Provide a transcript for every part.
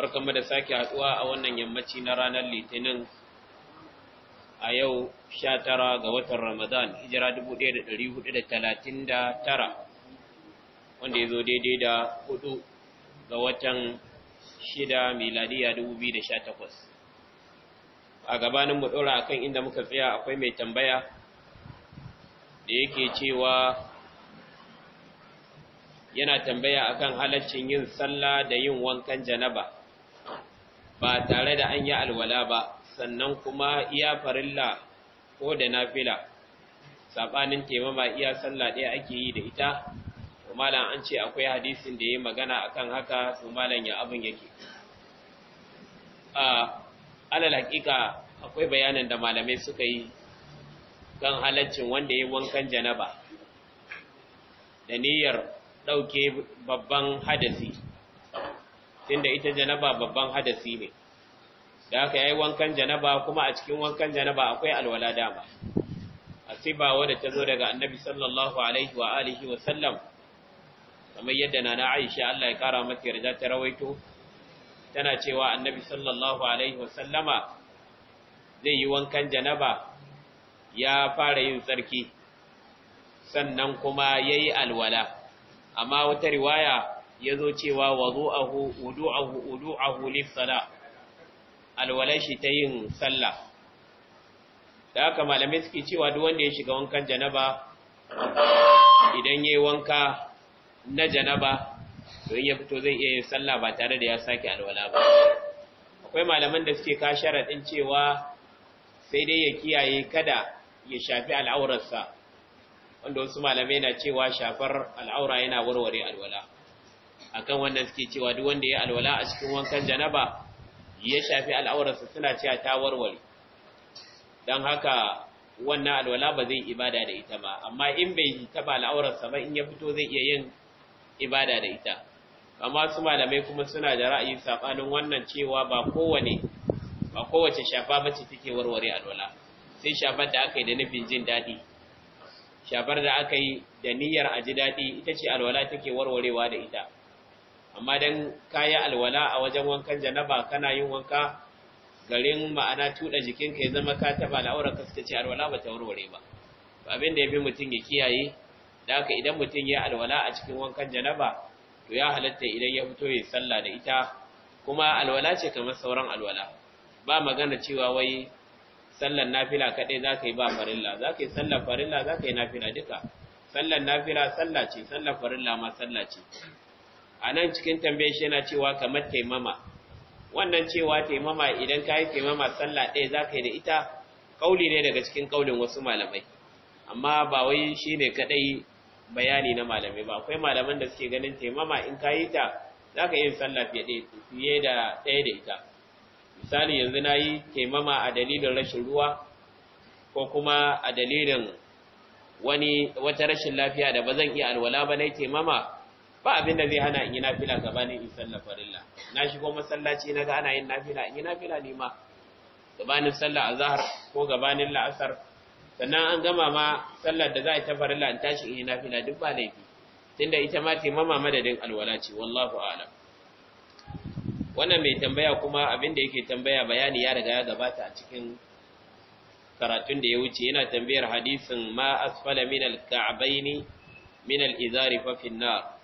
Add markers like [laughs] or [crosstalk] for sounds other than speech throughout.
barkanmu da sake haduwa a wannan yammaci na ranar litinin a yau 19 ga watan ramadan hijira 1439 wanda ya zo daidai da 4 ga watan 6 miladiya 2018 a gabanin mu dora akan inda muka tsaya akwai mai tambaya da yake cewa yana tambaya akan halaccin yin sallah da yin wankan janaba ba tare da an yi alwala ba sannan kuma iya farilla ko da nafila sabanin taimama iya sallah ɗaya ake yi da ita to malam an ce akwai hadisin da ya magana akan haka to malam ya abin yake a alal hakika akwai bayanan da malamai suka yi kan halaccin wanda ya wankan janaba da niyyar ɗauke babban hadasi tunda ita janaba babban hadasi ne da aka yi wankan janaba kuma a cikin wankan janaba akwai alwala dama asiba wadda ta zo daga annabi sallallahu alaihi wa alihi wa sallam kamar yadda nana Aisha Allah ya kara mata yarda ta rawaito tana cewa annabi sallallahu alaihi wa sallama zai yi wankan janaba ya fara yin tsarki sannan kuma yayi alwala amma wata riwaya ya zo cewa ahu wudu'ahu ahu li sala alwalashi ta yin sallah da haka malamai suke cewa duk wanda ya shiga wankan janaba idan yayi wanka na janaba to in ya fito zai iya yin sallah ba tare da ya sake alwala ba akwai malaman da suke ka sharadin cewa sai dai ya kiyaye kada ya shafi al'aurarsa wanda wasu malamai na cewa shafar al'aura yana warware alwala akan wannan suke cewa duk wanda ya alwala a cikin wankan janaba ya shafi al'aurarsa suna cewa ta warware don haka wannan alwala ba zai ibada da ita ba amma in bai taba al'aurarsa ba in ya fito zai iya yin ibada da ita amma su malamai kuma suna da ra'ayi sabanin wannan cewa ba kowane ba kowace shafa bace take warware alwala sai shafar da aka yi da nufin jin daɗi shafar da aka yi da niyyar aji ji daɗi ita ce alwala take warwarewa da ita amma dan kayi alwala a wajen wankan janaba kana yin wanka garin ma'ana tuda jikinka ya zama ka taba al'aura ka suka ce alwala ba ta warware ba abin da ya fi mutum ya kiyaye da haka idan mutum ya alwala a cikin wankan janaba to ya halatta idan ya fito ya sallah da ita kuma alwala ce kamar sauran alwala ba magana cewa wai sallan nafila kaɗai za ka yi ba farilla za ka yi farilla za ka yi nafila duka Sallan nafila sallah ce sallan farilla ma sallah ce a nan cikin tambayar shi yana cewa kamar taimama wannan cewa taimama idan ka yi taimama sallah ɗaya za ka yi da ita ƙauli ne daga cikin ƙaulin wasu malamai amma ba wai shi ne kaɗai bayani na malamai ba akwai malaman da suke ganin taimama in ka yi ta za ka yi sallah fiye da ɗaya da ita misali yanzu na yi taimama a dalilin rashin ruwa ko kuma a dalilin wani wata rashin lafiya da ba zan iya alwala ba na yi taimama ba abin da zai hana in yi nafila gabanin in sallar farilla na shigo masallaci na ga ana yin nafila in yi nafila ne ma gabanin sallar azhar ko gabanin la'asar sannan an gama ma sallar da za a ta farilla in tashi in yi nafila duk ba laifi tunda ita ma ce mama madadin alwala ce wallahu a'lam wannan mai tambaya kuma abin da yake tambaya bayani ya riga ya gabata a cikin karatun da ya wuce yana tambayar hadisin ma asfala min al-ka'baini min al-izari fa fi nar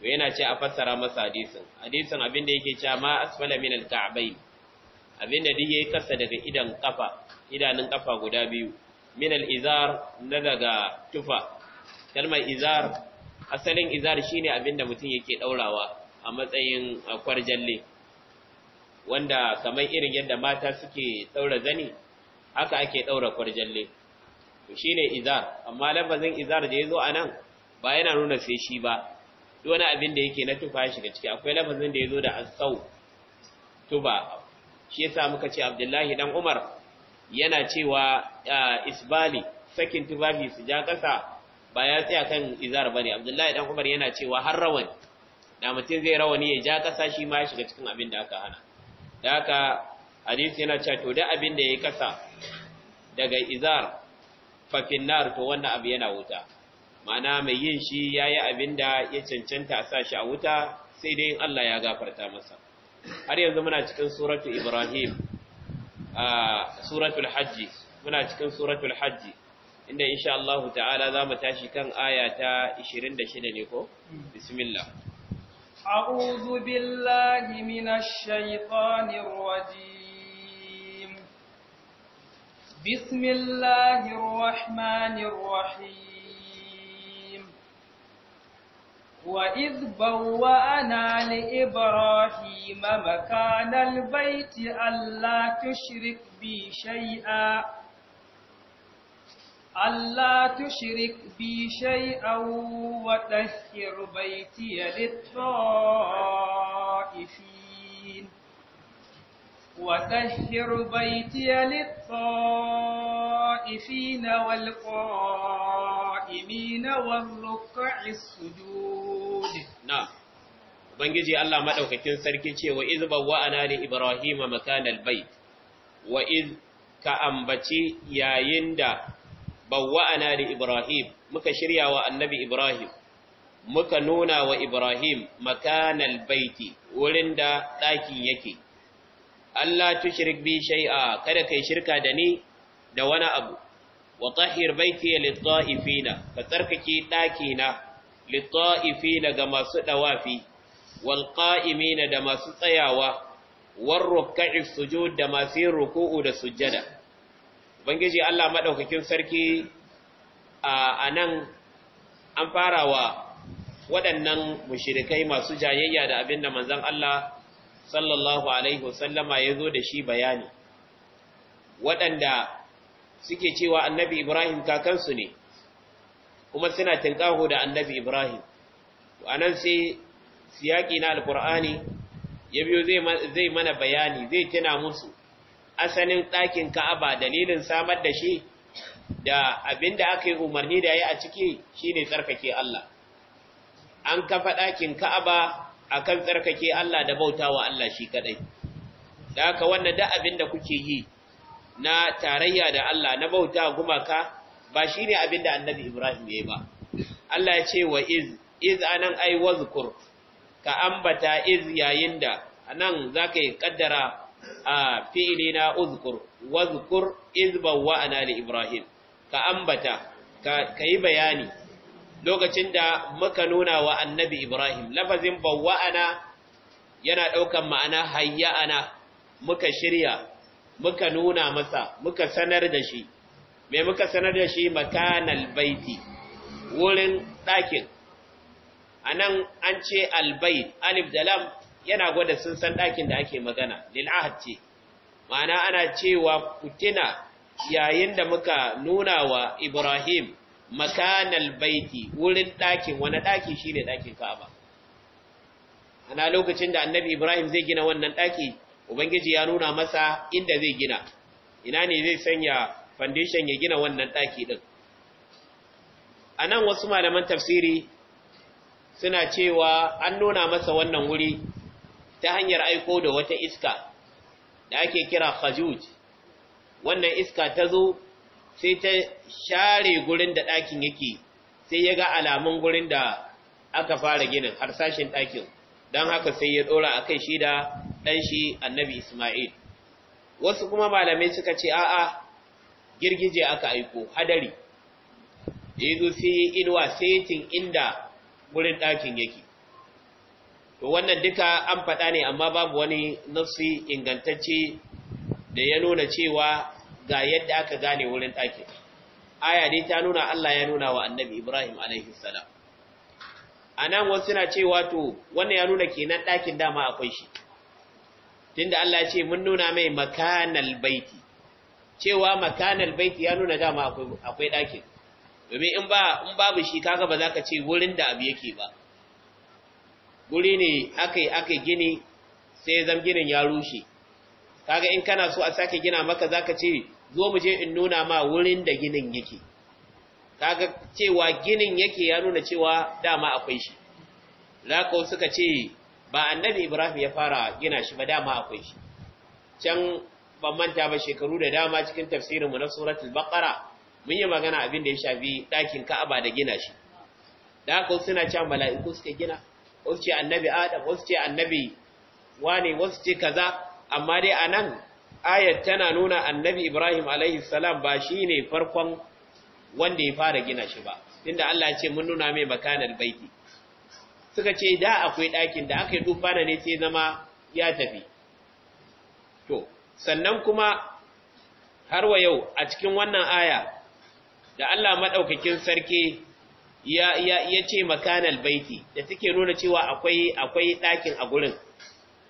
to yana ce a fassara masa hadisin hadisin abinda yake cewa ma asfala min alka'bayn abinda duk yayi kasa daga idan kafa idanun kafa guda biyu min alizar na daga tufa kalmar izar asalin izar shine abinda mutum yake daurawa a matsayin kwarjalle wanda kamar irin yadda mata suke daura zani haka ake daura kwarjalle to shine izar amma lafazin izar da yazo anan ba yana nuna sai shi ba duk wani abin da yake na tufa ya shiga ciki akwai lafazin da ya zo da asau tuba shi yasa muka ce abdullahi dan umar yana cewa isbali sakin tufafi su ja kasa ba ya tsaya kan izar bane abdullahi dan umar yana cewa har rawani da mutum zai rawani ya ja kasa shi ma ya shiga cikin abin da aka hana da haka hadisi yana cewa to da abin da ya yi kasa daga izar fafinnar to wannan abu yana wuta mana mai yin shi ya yi abin da ya cancanta a sa shi a wuta sai dai Allah ya gafarta masa har yanzu muna cikin suratul ibrahim a suratul hajji muna cikin suratul hajji inda insha Allah ta'ala za mu tashi kan aya ta 26 ne ko bismillah a'udhu billahi minash shaitanir rajim bismillahir rahmanir rahim وإذ بوأنا لإبراهيم مكان البيت ألا تشرك بي شيئا ألا تشرك بي شيئا وطهر بيتي للطائفين وطهر بيتي للطائفين والقائمين والركع السجود na ubangiji Allah madaukakin sarki ce wa iz bawwa'ana Ibrahim ibrahima makanal bai wa iz ka ambaci yayin da bawwa'ana li ibrahim muka shirya wa annabi ibrahim muka nuna wa ibrahim makanal baiti wurin da daki yake Allah tu shirk bi shay'a kada kai shirka da ni da wani abu wa tahhir baiti lit-ta'ifina ka tsarkake daki na litta'ifina ga masu dawafi wal qa'imina da masu tsayawa war ruk'i sujud da masu yin ruku'u da sujjada ubangiji Allah madaukakin sarki a anan an farawa waɗannan mushrikai masu jayayya da abinda manzon Allah sallallahu alaihi wasallama yazo da shi bayani waɗanda suke cewa annabi Ibrahim kakansu ne kuma suna tinkaho da annabi Ibrahim a nan sai siyaki na alkur'ani ya biyo zai mana bayani zai tuna musu asalin ɗakin ka'aba dalilin samar da shi da abinda aka yi umarni da ya a ciki shine tsarkake Allah an kafa ɗakin ka'aba akan tsarkake Allah da bautawa Allah shi kaɗai. da haka wannan da abinda kuke yi na tarayya da Allah na bauta gumaka ba shine abin da annabi Ibrahim ya yi ba Allah ya ce wa iz iz anan ai wazkur ka ambata iz yayin da nan zaka yi ƙaddara a fi'ilina uzkur wazkur iz bawwa'ana li Ibrahim ka ambata ka yi bayani lokacin da muka nuna wa annabi Ibrahim lafazin ana yana ɗaukan ma'ana hayya'ana muka shirya muka nuna masa muka sanar da shi Mai muka sanar da shi makanal baiti wurin ɗakin a nan an ce albait alif da lam yana gwada sun san ɗakin da ake magana lil'ahad ce ma'ana ana cewa kutina yayin da muka nuna wa ibrahim makanal baiti wurin ɗakin wani ɗaki shi ne ɗakin ka'aba ana lokacin da annabi ibrahim zai gina wannan ɗaki ubangiji ya nuna masa inda zai gina ina ne zai sanya foundation ya gina wannan ɗaki ɗin a nan wasu malaman tafsiri suna cewa an nuna masa wannan wuri ta hanyar aiko da wata iska da ake kira khajuj wannan iska ta zo sai ta share gurin da ɗakin yake sai ya ga alamun gurin da aka fara ginin harsashin ɗakin don haka sai ya ɗora a kai shi da ɗan shi annabi Ismail. Wasu kuma malamai suka ce, A'a, girgije aka aiko hadari da ya zo sai ya inuwa setin inda wurin ɗakin yake to wannan duka an faɗa ne amma babu wani nafsi ingantacce da ya nuna cewa ga yadda aka gane wurin ɗakin aya dai ta nuna Allah ya nuna wa annabi Ibrahim alaihi salam anan wasu suna cewa to wannan ya nuna kenan ɗakin dama akwai shi tunda Allah ya ce mun nuna mai makanal baiti cewa makanal baiti ya nuna dama akwai ɗakin domin in ba in babu shi kaga ba za ka ce wurin da abu yake ba guri ne akai akai gini sai zam ginin ya rushe kaga in kana so a sake gina maka za ka ce zo mu je in nuna ma wurin da ginin yake kaga cewa ginin yake ya nuna cewa dama akwai shi ka suka ce ba annabi ibrahim ya fara gina shi ba dama akwai shi can ban manta ba shekaru da dama cikin tafsirin mu na suratul baqara mun yi magana abin da ya shafi dakin ka'aba da gina shi da haka suna can mala'iku suke gina wasu ce annabi adam wasu ce annabi wane wasu ce kaza amma dai anan ayat tana nuna annabi ibrahim alaihi salam ba shine farkon wanda ya fara gina shi ba tunda Allah ce mun nuna mai makanar baiti suka ce da akwai ɗakin da aka yi tufana ne sai zama ya tafi sannan kuma har wa yau a cikin wannan aya da Allah maɗaukakin sarki ya, ya, ya ce makanal baiti da suke nuna cewa akwai akwai ɗakin a gurin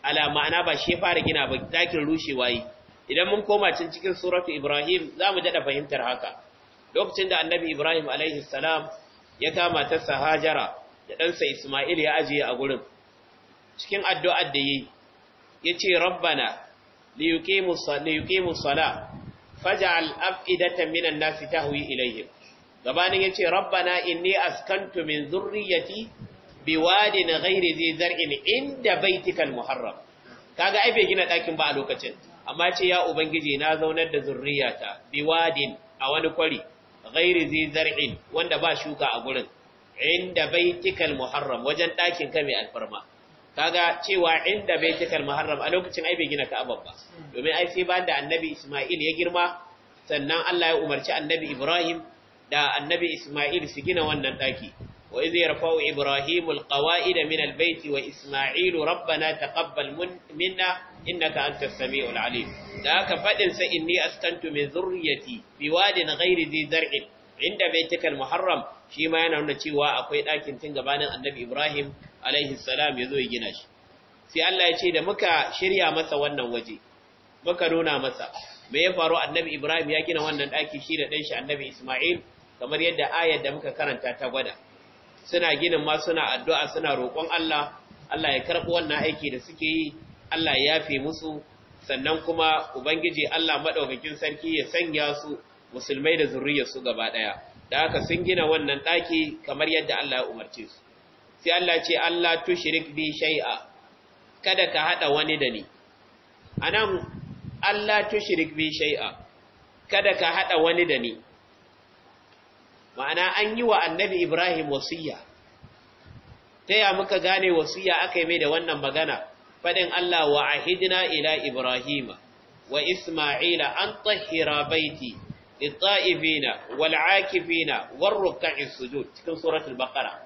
ala ma'ana ba shi fara gina ba ɗakin rushewa yi idan mun koma cin cikin suratu ibrahim za mu daɗa fahimtar haka lokacin da annabi ibrahim alaihi salam ya kama ta sahajara da ɗansa isma'il ya ajiye a gurin cikin addu'ar da yi ya ce rabbana liyuqimu sala faj'al af'idatan minan nasi tahwi ilayhim gabanin yace rabbana inni askantu min dhurriyyati biwadin ghairi dhi zar'in inda baitikal muharram kaga ai bai gina dakin ba a lokacin amma ce ya ubangiji na zaunar da zurriyata biwadin a wani kwari ghairi dhi zar'in wanda ba shuka a gurin inda baitikal muharram wajen dakin ka mai alfarma kaga cewa inda baitikal muharram a lokacin ai bai gina ka'aba ba domin ai sai bayan da annabi Isma'il ya girma sannan Allah ya umarci annabi Ibrahim da annabi Isma'il su gina wannan daki wa idh yarfa'u ibrahimu alqawa'ida min albayt wa isma'ilu rabbana taqabbal minna innaka antas samiul alim da haka fadin sa inni askantu min zurriyyati biwadin ghairi dhi zar'in inda baitikal muharram shi ma yana nuna cewa akwai dakin cin gabanin annabi Ibrahim alaihi salam ya zo ya gina shi sai Allah ya ce da muka shirya masa wannan waje muka nuna masa me ya faru annabi Ibrahim ya gina wannan daki shi da dan shi annabi Isma'il kamar yadda ayar da muka karanta ta gwada suna ginin ma suna addu'a suna roƙon Allah Allah ya karɓi wannan aiki da suke yi Allah ya yafe musu sannan kuma ubangiji Allah madaukakin sarki ya sanya su musulmai da zuriyarsu gaba daya da haka sun gina wannan daki kamar yadda Allah ya umarce su sai Allah ce Allah tushrik bi shay'a kada ka hada wani da ni anan Allah tushrik bi shay'a kada ka hada wani da ni ma'ana an yi wa annabi Ibrahim wasiya ta ya muka gane wasiya aka yi mai da wannan magana fadin Allah wa ahidna ila Ibrahim wa Isma'ila an tahira baiti للطائفين والعاكفين والركع السجود cikin suratul baqara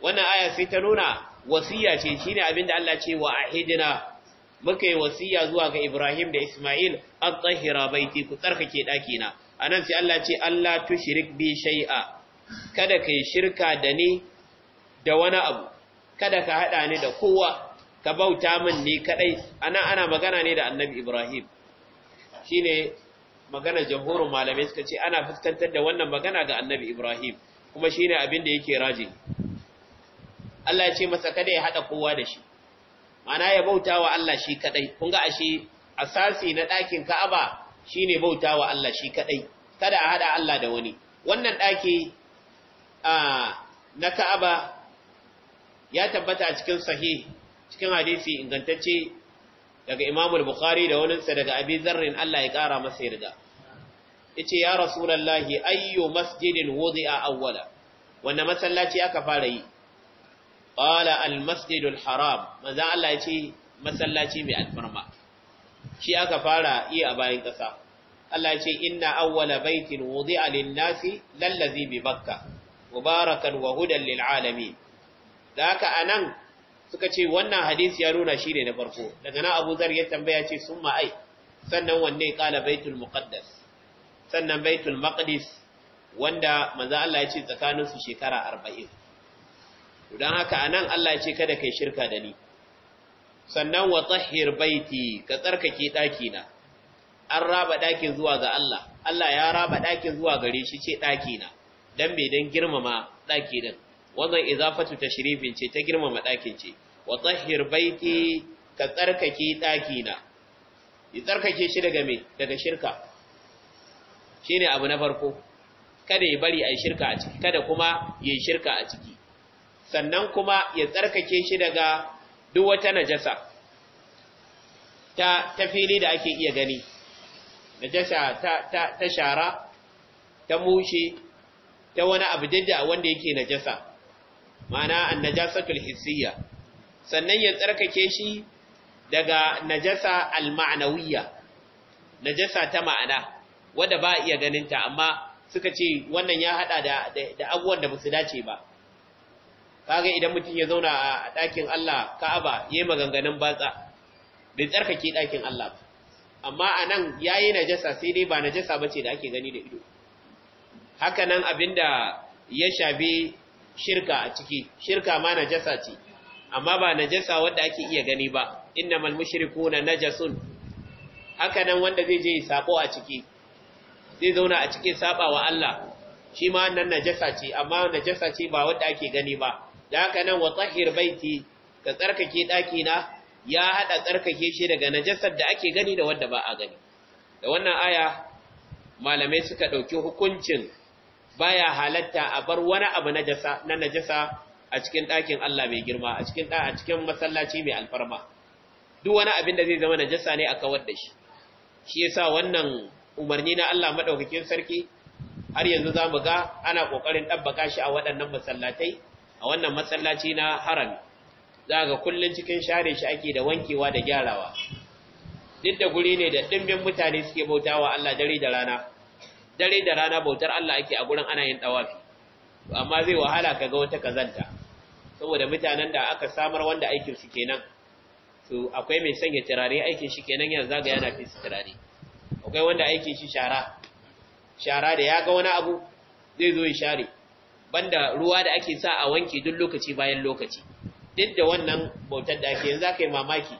wannan aya sai ta nuna wasiya ce shine abinda Allah ce wa ahidina muka yi wasiya zuwa ga Ibrahim da Ismail at-tahira baiti ku tsarkake daki na anan sai Allah ce Allah tushrik bi shay'a kada kai shirka da ni da wani abu kada ka hada ni da kowa ka bauta min ni kadai anan ana magana ne da Annabi Ibrahim shine magana jamhurin malamai suka ce ana fuskantar da wannan magana ga Annabi Ibrahim kuma shine abin da yake rajin. Allah ya ce masa kada ya haɗa kowa da shi mana ya bauta wa Allah shi kadai. kun ga ashe asasi na ɗakin ka'aba shine bauta wa Allah shi kadai, kada a haɗa Allah da wani wannan ɗaki na ka'aba ya tabbata cikin sahih cikin hadisi ingantacce daga Imam bukhari da waninsa daga Abi Zarrin Allah ya kara masa yarda yace ya rasulullahi ayyu masjidin wudi'a awwala wannan masallaci aka fara yi qala al-masjidul haram maza Allah ya ce masallaci mai alfarma shi aka fara iya a bayan ƙasa Allah ya ce inna awwala baitin wudi'a a nasi lallazi bi bakka mubarakan wa hudan lil alami da haka nan suka ce wannan hadisi ya nuna shi ne na farko daga nan Abu Zar ya tambaya ce sun ma'ai sannan wanne kala baitul muqaddas sannan baitul maqdis wanda maza Allah ya ce tsakaninsu shekara arba'in. don haka anan Allah ce kada kai shirka da ni sannan wa tahhir baiti ka tsarkake daki na an raba dakin zuwa ga Allah Allah ya raba dakin zuwa gare shi ce daki na dan me dan girmama daki din wannan izafatu tashrifin ce ta girmama dakin ce wa tahhir baiti ka tsarkake daki na ya tsarkake shi daga me daga shirka shine abu na farko kada ya bari a shirka a ciki kada kuma ya shirka a ciki sannan kuma ya tsarkake shi daga duk wata najasa ta ta fili da ake iya gani najasa ta ta ta shara ta mushe ta wani abu da wanda yake najasa ma'ana an-najasatul hissiyya sannan ya tsarkake shi daga najasa al-ma'nawiyya najasa ta ma'ana wadda ba iya ganinta amma suka ce wannan ya hada da abubuwan da ba su dace ba kaga idan mutum ya zauna a ɗakin Allah Ka'aba yayi maganganun batsa bai tsarkake ɗakin Allah nan amma anan yayi najasa sai dai ba najasa bace da ake gani da ido haka nan abinda ya shabe shirka a ciki shirka ma najasa ce amma ba najasa wanda ake iya gani ba innamal mushrikuuna najasun haka nan wanda zai je sako a ciki zai zauna a cikin sabawa Allah shi ma wannan najasa ce amma najasa ce ba wanda ake gani ba da haka nan wa tsahir baiti ka tsarkake daki na ya hada tsarkake shi daga najasar da ake gani da wanda ba a gani da wannan aya malamai suka ɗauki hukuncin baya halatta a bar wani abu na najasa a cikin dakin Allah mai girma a cikin a cikin masallaci mai alfarma duk wani abin da zai zama najasa ne a kawar da shi shi yasa wannan umarni na Allah madaukakin sarki har yanzu zamu ga ana kokarin dabbaka shi a waɗannan masallatai a wannan masallaci na harami za ga kullun cikin share shi ake da wankewa da gyarawa duk da guri ne da dimbin mutane suke bautawa Allah dare da rana dare da rana bautar Allah ake a gurin ana yin dawafi amma zai wahala ka ga wata kazanta saboda mutanen da aka samar wanda aikin su kenan to akwai mai sanya turare aikin shi kenan yanzu zaga yana fi turare akwai wanda aikin shi shara shara da ya ga wani abu zai zo ya share banda ruwa da ake sa a wanki duk lokaci bayan lokaci duk da wannan bautar da ake yanzu yi mamaki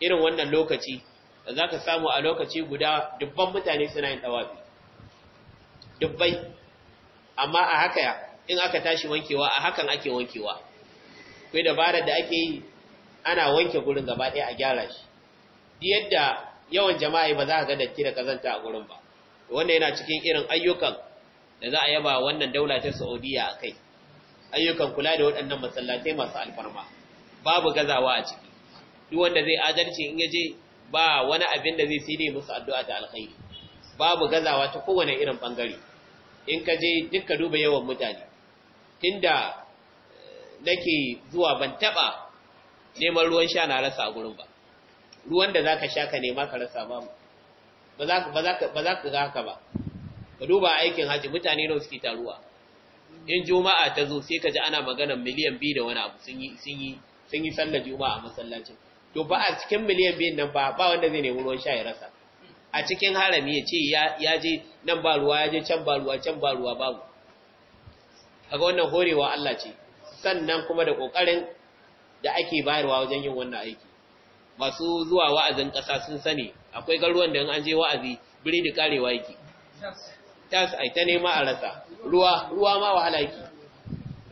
irin wannan lokaci da zaka samu a lokaci guda dubban mutane suna yin tawafi dubbai amma a haka in aka tashi wankewa a hakan ake wankewa kai dabarar da ake yi ana wanke gurin gaba ɗaya a gyara shi yadda yawan jama'a ba za ka ga datti da kazanta a gurin ba wannan yana cikin irin ayyukan da za a yaba wannan daula ta Saudiya kai, ayyukan kula da waɗannan masallatai masu alfarma babu gazawa a ciki duk wanda zai adalci in yaje ba wani abin da zai sai musu addu'a ta alkhairi babu gazawa ta kowane irin bangare in ka je duka duba yawan mutane tunda eh, nake zuwa ban taba neman ruwan sha na rasa a gurin ba ruwan da zaka sha ka nema ka rasa ba ba za ka ba za ba ka duba aikin haji mutane nawa suke taruwa in juma'a ta zo sai ka ji ana magana miliyan biyu da wani abu sun yi sun yi sun yi sallar juma'a a masallacin to ba a cikin miliyan biyun nan ba ba wanda zai nemi ruwan sha ya rasa a cikin harami ya ce ya je nan ba ruwa ya je can ba ruwa can ba ruwa babu kaga wannan horewa Allah ce sannan kuma da kokarin da ake bayarwa wajen yin wannan aiki masu zuwa wa'azin kasa sun sani akwai garuwan da an je wa'azi biri da karewa yake tas ai ta nema a rasa ruwa ruwa ma wahala yake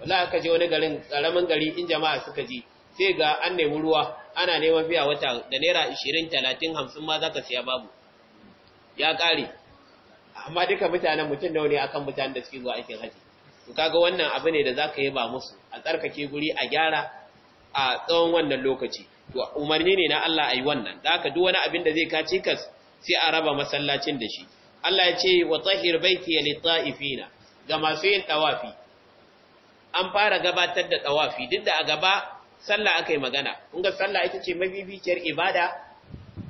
wallahi aka je wani garin karamin gari in jama'a suka je, sai ga an nemi ruwa ana neman biya wata da naira 20 30 50 ma zaka siya babu ya kare amma duka mutanen mutum da wani akan mutanen da suke zuwa aikin haji to kaga wannan abu ne da zaka yi ba musu a tsarkake guri a gyara a tsawon wannan lokaci to umarni ne na Allah ayi wannan zaka duk wani abin da zai kace kas sai a raba masallacin da shi Allah ya ce wa tsahir baiti ya na, ga masu yin tawafi an fara gabatar da tawafi duk da a gaba sallah aka yi magana kunga sallah ita ce mabibiciyar ibada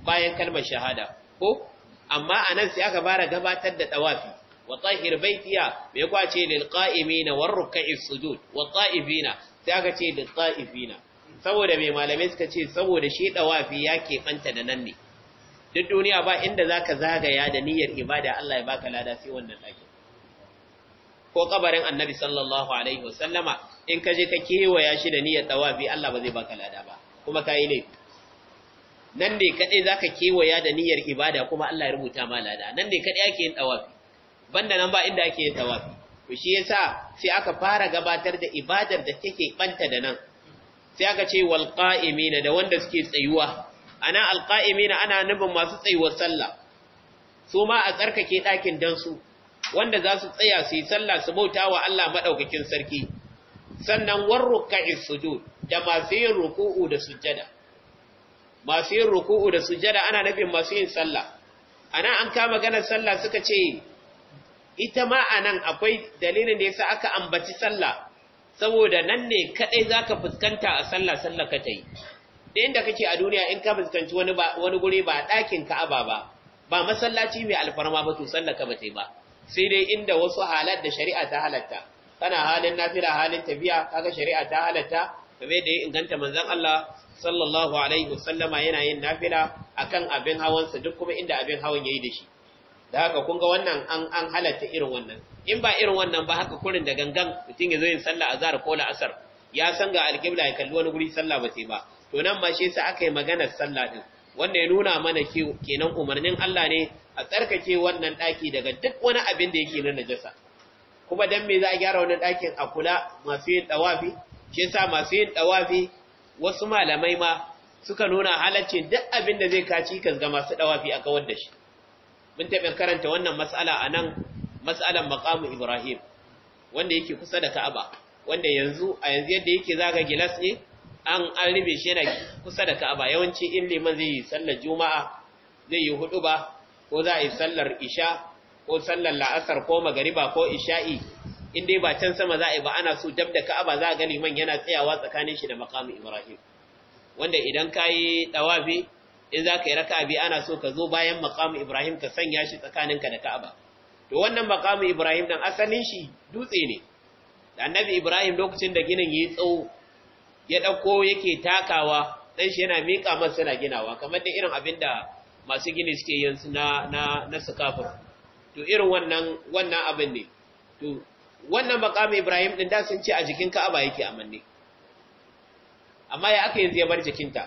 bayan kalmar shahada ko amma anan sai aka fara gabatar da tawafi wa tsahir ya, me kwa ce lil qa'imina war ruk'i sujud wa ta'ifina sai aka ce lil ta'ifina saboda me malamai suka ce saboda shi tawafi ya fanta da nan ne duk duniya ba inda zaka zagaya da niyyar ibada Allah ya baka lada sai wannan daki ko kabarin annabi sallallahu alaihi wasallama in ka je ka kewaya shi da niyyar tawafi Allah ba zai baka lada ba kuma kai ne nan ne kadai zaka kewaya da niyyar ibada kuma Allah ya rubuta ma lada nan ne kadai ake yin tawafi banda nan ba inda ake yin tawafi to shi yasa sai aka fara gabatar da ibadar da take banta da nan sai aka ce wal qa'imina da wanda suke tsayuwa ana alqa'imina ana nufin masu tsayuwar sallah su ma a tsarkake ɗakin dan su wanda za su tsaya su yi sallah su bauta wa Allah maɗaukakin sarki sannan warruka sujud da masu yin ruku'u da sujada. masu yin ruku'u da sujada. ana nufin masu yin sallah ana an kama ganar sallah suka ce ita ma anan akwai dalilin da yasa aka ambaci sallah saboda nan ne kadai zaka fuskanta a sallah sallah ka ta yi da inda kake a duniya in ka fuskanci wani wani guri ba ɗakin Aba ba ba masallaci mai alfarma ba to sallaka ba ba sai dai inda wasu halat da shari'a ta halatta kana halin nafila halin tafiya kaga shari'a ta halatta kamar da ya inganta manzon Allah sallallahu alaihi wasallama yana yin nafila akan abin hawan sa duk kuma inda abin hawan yayi da shi da haka kun ga wannan an an halatta irin wannan in ba irin wannan ba haka kurin da gangan mutum ya zo yin sallah azhar ko la'asar ya san ga alqibla ya kalli wani guri sallah ba sai ba to nan ma shi sai aka yi maganar sallah din wanda ya nuna mana kenan umarnin Allah ne a tsarkake wannan daki daga duk wani abin da yake na najasa kuma dan me za a gyara wannan dakin a kula masu yin dawafi shi sa masu yin dawafi wasu malamai ma suka nuna halacce duk abin da zai kaci kan ga masu dawafi a kawar da shi mun taɓa karanta wannan mas'ala a nan mas'alan maqamu Ibrahim wanda yake kusa da Ka'aba wanda yanzu a yanzu yadda yake zaga gilas ne an an ribe shi yana kusa da Ka'aba yawanci in liman zai yi sallar Juma'a zai yi hudu ba ko za a yi sallar Isha ko sallar La'asar ko Magariba ko Isha'i in dai ba can sama za a yi ba ana so dab da Ka'aba za a ga liman yana tsayawa tsakanin shi da maqamin Ibrahim wanda idan kai dawafi in za ka yi raka bi ana so ka zo bayan maqamin Ibrahim ka sanya shi tsakaninka da Ka'aba to wannan maqamin Ibrahim dan asalin shi dutse ne da Annabi Ibrahim lokacin da ginin yayi tsawo ya ɗauko yake takawa ɗan shi yana miƙa masa suna ginawa kamar da irin abin da masu gini suke yansu na na na to irin wannan wannan abin ne to wannan makamin Ibrahim ɗin da sun ce a jikin Ka'aba yake amanne amma ya aka yanzu ya bar jikinta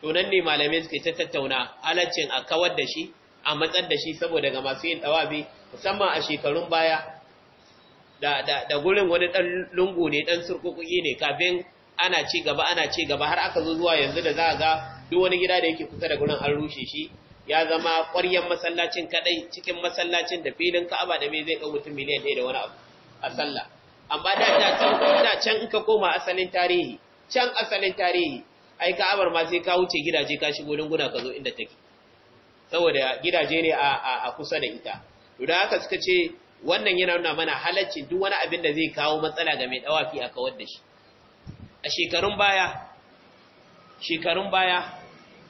to nan ne malamai suke ta tattauna halaccin a kawar da shi a matsar da shi saboda ga masu yin ɗawabi, musamman a shekarun baya da gurin wani ɗan lungu ne dan surkukuki ne kafin ana ci gaba ana ci gaba har aka zo zuwa yanzu da za ga duk wani gida da yake kusa da gurin an rushe shi ya zama ƙwaryen masallacin kadai cikin masallacin da filin Ka'aba da me zai kai mutum miliyan 1 da wani abu a sallah amma da da can da can in ka koma asalin tarihi can asalin tarihi ai Ka'abar ma sai ka wuce gidaje ka shigo dunguna ka zo inda take saboda gidaje ne a kusa da ita to da haka suka ce wannan yana nuna mana halaccin duk wani abin da zai kawo matsala ga mai dawafi a kawar da shi a shekarun baya shekarun baya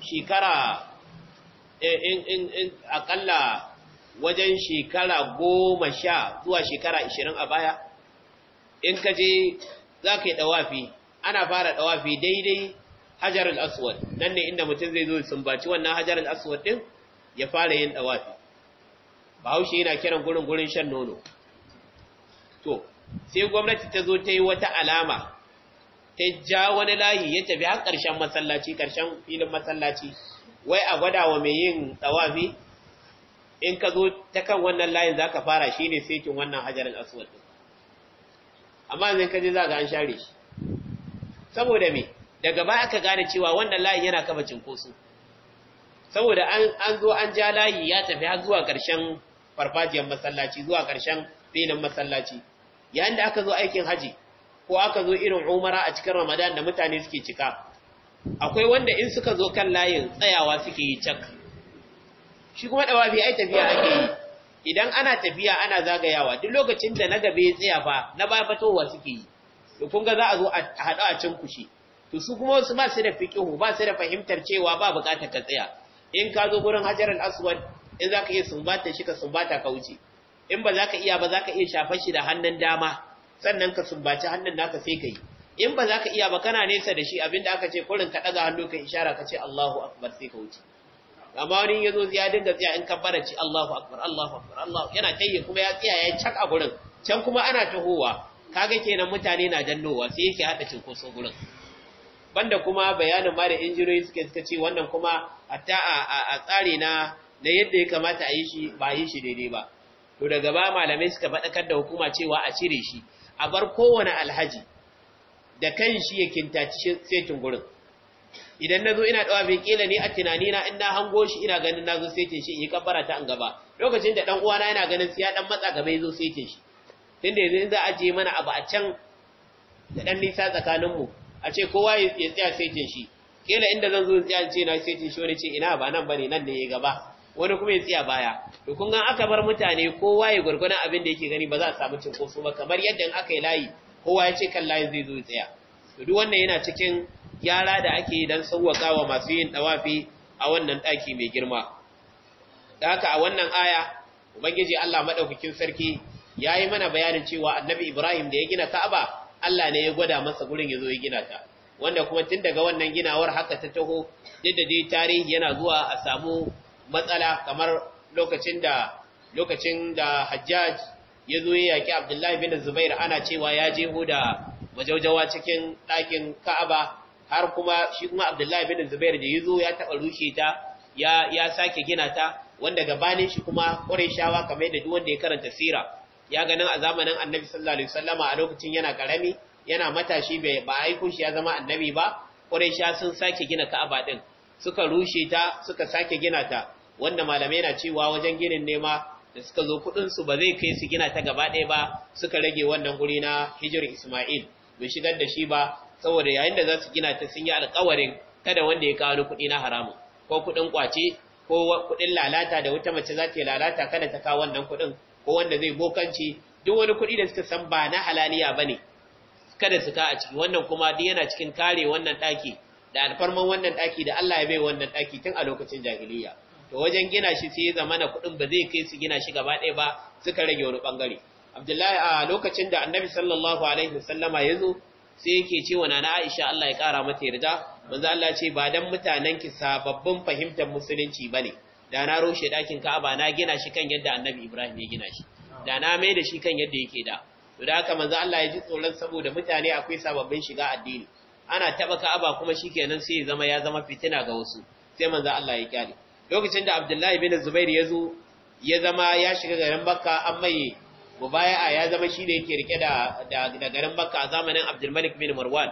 shekara eh, in akalla wajen shekara goma sha zuwa shekara ishirin a baya in ka je za ka yi ɗawafi ana fara ɗawafi daidai hajarul aswad nan ne inda mutum zai zo sumbaci wannan hajarul aswad ɗin ya fara yin ɗawafi bahaushe yana kiran gurin gurin shan nono to sai gwamnati ta zo ta yi wata alama ta ja wani layi ya tafi har ƙarshen masallaci ƙarshen filin masallaci wai a gwada wa mai yin tsawafi in ka zo ta kan wannan layin za ka fara shi ne sekin wannan hajarin aswad amma zai ka za ga an share shi saboda me daga baya aka gane cewa wannan layin yana kafa cinkoso saboda an zo an ja layi ya tafi har zuwa ƙarshen farfajiyar masallaci zuwa ƙarshen filin masallaci yayin da aka zo aikin haji ko aka zo irin umara a cikin ramadan da mutane suke cika akwai wanda in suka zo kan layin tsayawa suke yi cak shi kuma dawafi ai tafiya ake yi idan ana tafiya ana zagayawa duk lokacin da na gabe ya tsaya fa na ba fatowa suke yi to kun ga za a zo a hadu a cin kushi to su kuma wasu ba su da fiqihu ba su da fahimtar cewa ba bukata ka tsaya in ka zo gurin hajar al-aswad in zaka iya sumbata shi ka sumbata ka wuce in ba zaka iya ba zaka iya shafa shi da hannun dama sannan ka sumbaci hannun naka sai ka yi in ba za ka iya ba kana nesa da shi abinda aka ce kurin ka ɗaga hannu ka ishara ka ce Allahu akbar sai ka wuce amma wani ya zo ya dinga tsaya in kabbara ci Allahu akbar Allahu akbar Allah yana tayi kuma ya tsaya ya cak a gurin can kuma ana tahowa kaga kenan mutane na dannowa sai yake hada cinkoso gurin banda kuma bayanin ma da injiniyoyi suke suka ce wannan kuma hatta a tsari na na yadda ya kamata a yi shi ba yi shi daidai ba to daga ba malamai suka faɗakar da hukuma cewa a cire shi a bar kowane alhaji da kan shi ya kintaci setin gurin idan na zo ina ɗawa bin ƙila ne a tunani na ina hango shi ina ganin na zo setin shi in yi kabbara ta an gaba lokacin da ɗan uwana yana ganin siya ya ɗan matsa gaba ya zo setin shi tun da yanzu za a je mana abu a can da ɗan nisa tsakaninmu a ce kowa ya tsaya setin shi ƙila inda zan zo in tsaya ce na setin shi wani ce ina ba nan ba ne nan ne ya gaba wani kuma ya tsaya baya to kun ga aka bar mutane kowa ya gurgurna abin da yake gani ba za a samu cinkoso ba kamar yadda in aka yi layi kowa ya ce kan layi zai zo tsaya to duk wannan yana cikin gyara da ake yi don sauwaka wa masu yin ɗawafi a wannan daki mai girma da haka a wannan aya ubangiji Allah madaukakin sarki yayi mana bayanin cewa annabi Ibrahim da ya gina Ka'aba Allah ne ya gwada masa gurin zo ya gina ta wanda kuma tun daga wannan ginawar haka ta taho duk da dai tarihi yana zuwa a samu matsala kamar lokacin da lokacin da Hajjaj ya zo ya yaki Abdullahi bin Zubair ana cewa ya je da majaujawa cikin ɗakin Ka'aba har kuma shi kuma Abdullahi bin Zubair da ya zo ya taɓa rushe ta ya ya sake gina ta wanda gabanin shi kuma Qurayshawa kamar da duk wanda ya karanta sira ya ganin a zamanin Annabi sallallahu alaihi wasallama a lokacin yana karami yana matashi bai ba aiko shi ya zama annabi ba Qurayshawa sun sake gina Ka'aba din suka rushe ta suka sake gina ta wanda malamai na cewa wajen ginin nema da suka zo kudin su ba zai kai su gina ta gaba ɗaya ba suka rage wannan guri na hijira Isma'il bai shigar da shi ba saboda yayin da za su gina ta sun yi alƙawarin kada wanda ya kawo kuɗi na haramun ko kuɗin kwace ko kuɗin lalata da wata mace za ta lalata kada ta kawo wannan kuɗin ko wanda zai bokanci duk wani kuɗi da suka san ba na halaliya ba ne kada su ka a ciki wannan kuma duk yana cikin kare wannan ɗaki da alfarman wannan ɗaki da Allah ya bai wannan ɗaki tun a lokacin jahiliya to wajen gina shi sai ya na kuɗin ba zai kai su gina shi gaba ɗaya ba suka rage wani bangare abdullahi a lokacin da annabi sallallahu alaihi wasallama ya zo sai yake ce wa nana Aisha Allah ya kara mata yarda manzo Allah ce ba dan mutanen ki sababbin fahimtar musulunci bane da na roshe dakin Ka'aba na gina shi kan yadda Annabi Ibrahim ya gina shi da na mai da shi kan yadda yake da to da haka manzo Allah ya ji tsoron saboda mutane akwai sababbin shiga addini ana taba Ka'aba kuma shikenan sai ya zama ya zama fitina ga wasu sai manzo Allah ya kyale lokacin da abdullahi bin Zubairu ya zo ya zama ya shiga garin bakka an mai mubaya'a ya zama shi da yake rike da garin bakka a zamanin abdulmalik bin marwan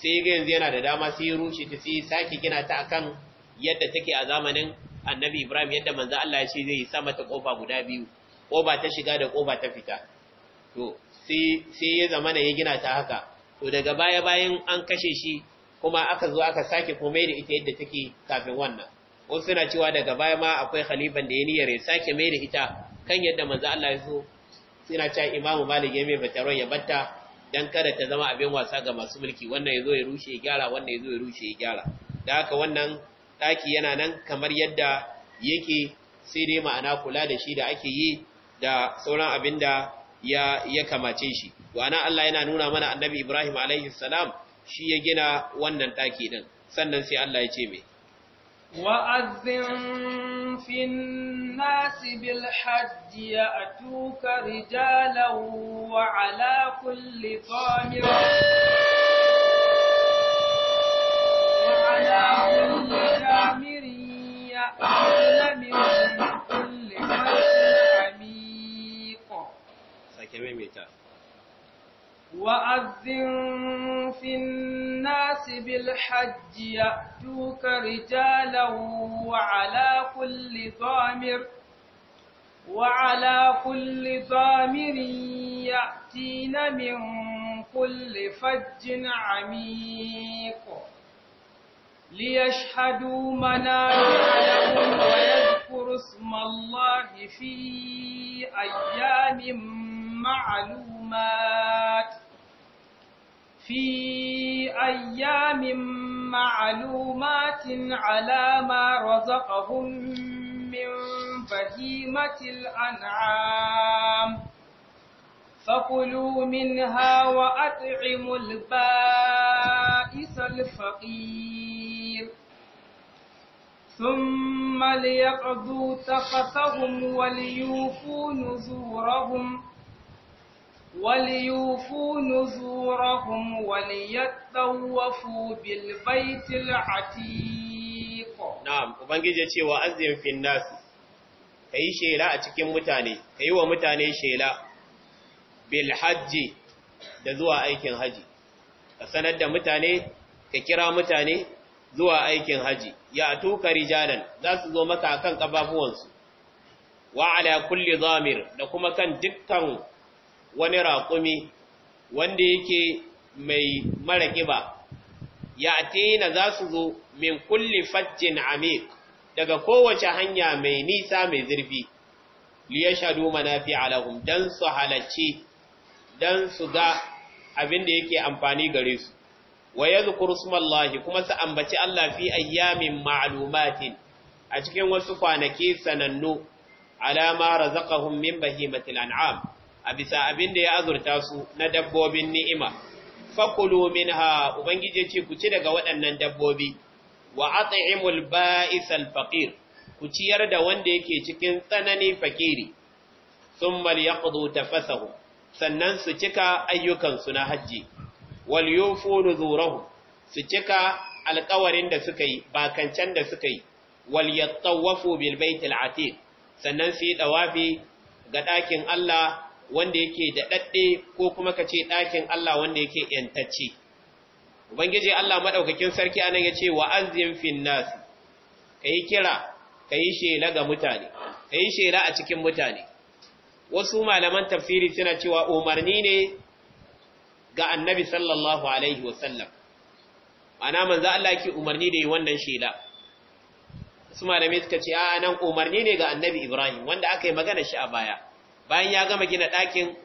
sai ga yanzu yana da dama sai rushe ta sai sake gina ta akan yadda take a zamanin annabi ibrahim yadda manzo Allah ya ce zai sa mata kofa guda biyu koba ta shiga da koba ta fita to sai ya zama na ya gina ta haka to daga baya bayan an kashe shi kuma aka zo aka sake komai da ita yadda take kafin wannan wasu suna cewa daga baya ma akwai khalifan da ya niyyar ya sake mai da ita kan yadda manzo Allah ya so suna cewa imamu malik ya mai bataron ya batta dan kada ta zama abin wasa ga masu mulki wannan yazo ya rushe ya gyara wannan yazo ya rushe ya gyara da haka wannan daki yana nan kamar yadda yake sai dai ma'ana kula da shi da ake yi da sauran abin da ya ya kamace shi wana Allah yana nuna mana annabi Ibrahim alaihi salam shi ya gina wannan taki din sannan sai Allah ya ce mai وأذن في الناس بالحج يأتوك رجالا وعلى كل ضامر وعلى كل ضامر يأتون من كل فج عميق وأذن في الناس بالحج يأتوك رجالا وعلى كل ضامر وعلى كل ضامر يأتين من كل فج عميق ليشهدوا منافع لهم ويذكروا اسم الله في أيام معلومة المعلومات في أيام معلومات على ما رزقهم من بهيمة الأنعام فكلوا منها وأطعموا البائس الفقير ثم ليقضوا تفثهم وليوفوا نذورهم وليوفوا نذورهم وليتطوفوا بالبيت العتيق نعم ubangije cewa azim fi nas kai shela a cikin mutane kai wa mutane shela bil haji da zuwa aikin haji ka sanar da mutane ka kira mutane zuwa aikin haji ya tuka rijalan za su zo maka kan kafafuwansu wa ala kulli zamir da kuma kan dukkan wani raƙumi wanda yake mai mara ƙiba ya na za su zo min kulli faccin amik daga kowace hanya mai nisa mai zurfi liya shaɗu manafi alahum don su halarci don su ga abin da yake amfani gare su wa ya zukuru kuma su ambaci Allah fi ayyamin ma'alumatin a cikin wasu kwanaki sanannu alama razaqahum min bahimatil an'am a bisa abin da ya azurta su na dabbobin ni'ima fakulu minha Ubangiji ce ku ci daga waɗannan dabbobi wa at'imul ba’isal faqir ku ciyar da wanda yake cikin tsanani fakiri thumma liyaqdu tafasahu sannan su cika ayyukansu na hajji. wal yufu nuzurahum su cika alƙawarin da suka yi bakancan da suka yi wal yattawafu bil baitil atiq sannan su yi dawafi ga ɗakin Allah wanda yake daɗaɗɗe ko kuma ka ce ɗakin Allah wanda yake ‘yantacce. Ubangiji Allah maɗaukakin sarki anan ya ce wa azin finnas, ka yi kira, ka yi shela ga mutane, ka yi shela a cikin mutane. Wasu malaman tafsiri suna cewa umarni ne ga annabi sallallahu Alaihi wasallam. Ana manza Allah ke umarni da yi wannan shela. Wasu malamai suka ce, a nan umarni ne ga annabi Ibrahim, wanda aka yi magana shi a baya. bayan ya gama gina ɗakin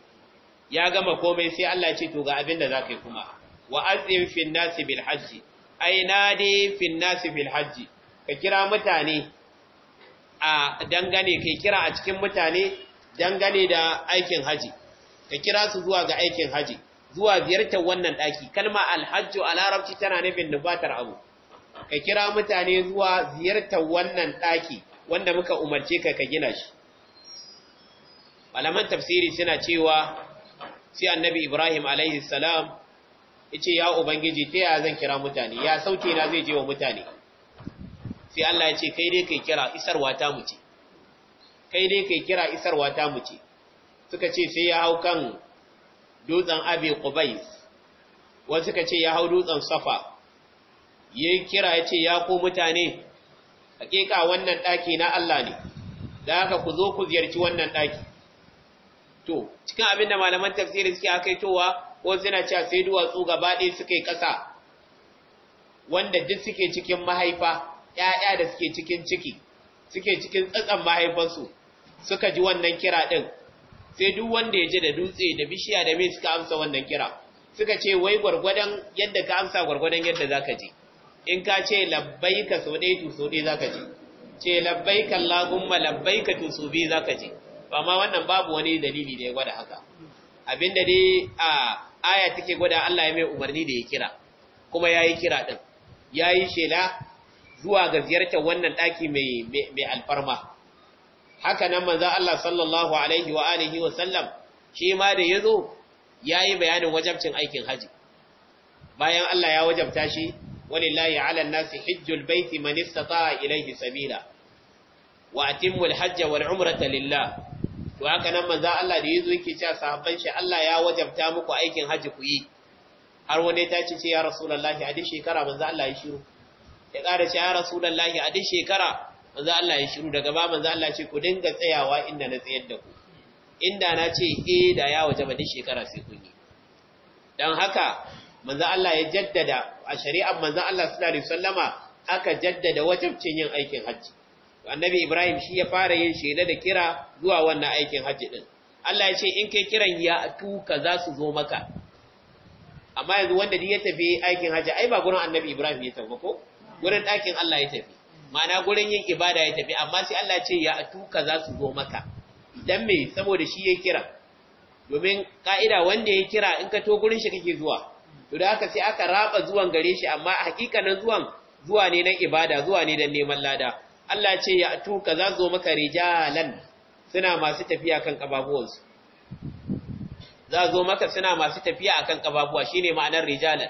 ya gama komai sai Allah ya ce to ga abin da za ka yi kuma wa azim fin nasi bil hajji ai nadi fin nasi bil hajji ka kira mutane a dangane kai kira a cikin mutane dangane da aikin haji ka kira su zuwa ga aikin haji zuwa ziyartar wannan ɗaki kalma alhajju a larabci tana nufin nufatar abu ka kira mutane zuwa ziyartar wannan ɗaki wanda muka umarce ka ka gina shi malaman tafsiri suna cewa sai annabi Ibrahim alaihi salam yace ya ubangiji ta ya zan kira mutane ya sauke na zai je wa mutane sai Allah ya ce kai dai kai kira isarwa ta mu ce kai dai kai kira isarwa ta mu ce suka ce sai ya hau kan dutsen Abi Qubais wasu suka ce ya hau dutsen Safa yayin kira yace ya ko mutane hakika wannan daki na Allah ne da haka ku zo ku ziyarci wannan daki to cikin abin da malaman tafsiri suke towa ko suna cewa sai duwatsu gaba ɗaya suka yi ƙasa wanda duk suke cikin mahaifa ‘ya'ya da suke cikin ciki suke cikin tsatsan mahaifansu suka ji wannan kira ɗin sai duk wanda ya ji da dutse da bishiya da mai suka amsa wannan kira suka ce wai gwargwadon yadda ka amsa gwargwadon yadda za ka ji in ka ce labbai ka sau ɗaya to sau ɗaya za ka ji ce labbai kan lagunma labbai ka sau biyu za ka ji amma wannan babu wani dalili da ya gwada haka abinda dai a aya take gwada Allah ya mai umarni da ya kira kuma yayi kira din yayi shela zuwa ga ziyartar wannan daki mai mai alfarma haka nan manzo Allah sallallahu alaihi wa alihi wa sallam shi ma da yazo yayi bayanin wajabcin aikin haji bayan Allah ya wajabta shi walillahi ala nasi hajjul baiti man istata'a ilayhi sabila wa atimmu hajja wal umrata lillah to haka nan manzo Allah da yazo yake cewa sahabban shi Allah ya wajabta muku aikin haji ku yi har wani ta ce ya rasulullahi a duk shekara manzo Allah ya shiru ya ƙara ce ya rasulullahi a duk shekara manzo Allah ya shiru daga ba manzo Allah ce ku dinga tsayawa inda na tsayar da ku inda na ce eh da ya wajaba duk shekara sai kun yi dan haka manzo Allah ya jaddada a shari'ar manzo Allah sallallahu alaihi wasallama aka jaddada wajabcin yin aikin haji annabi Ibrahim shi ya fara yin shela da kira zuwa wannan aikin hajji din Allah ya ce in kai kiran ya tuka za su zo maka amma yanzu wanda ya tafi aikin hajji ai ba gurin annabi Ibrahim ya tafi ko gurin ɗakin Allah ya tafi ma'ana gurin yin ibada ya tafi amma sai Allah ce ya tuka za su zo maka dan me saboda shi ya kira domin ka'ida wanda ya kira in ka to gurin shi kake zuwa to da haka sai aka raba zuwan gare shi amma hakikanin zuwan zuwa ne na ibada zuwa ne dan neman lada Allah ce ya tuka za zo maka rijalan suna masu tafiya kan kababuwansu za zo maka suna masu tafiya akan kababuwa shine ma'anar rijalan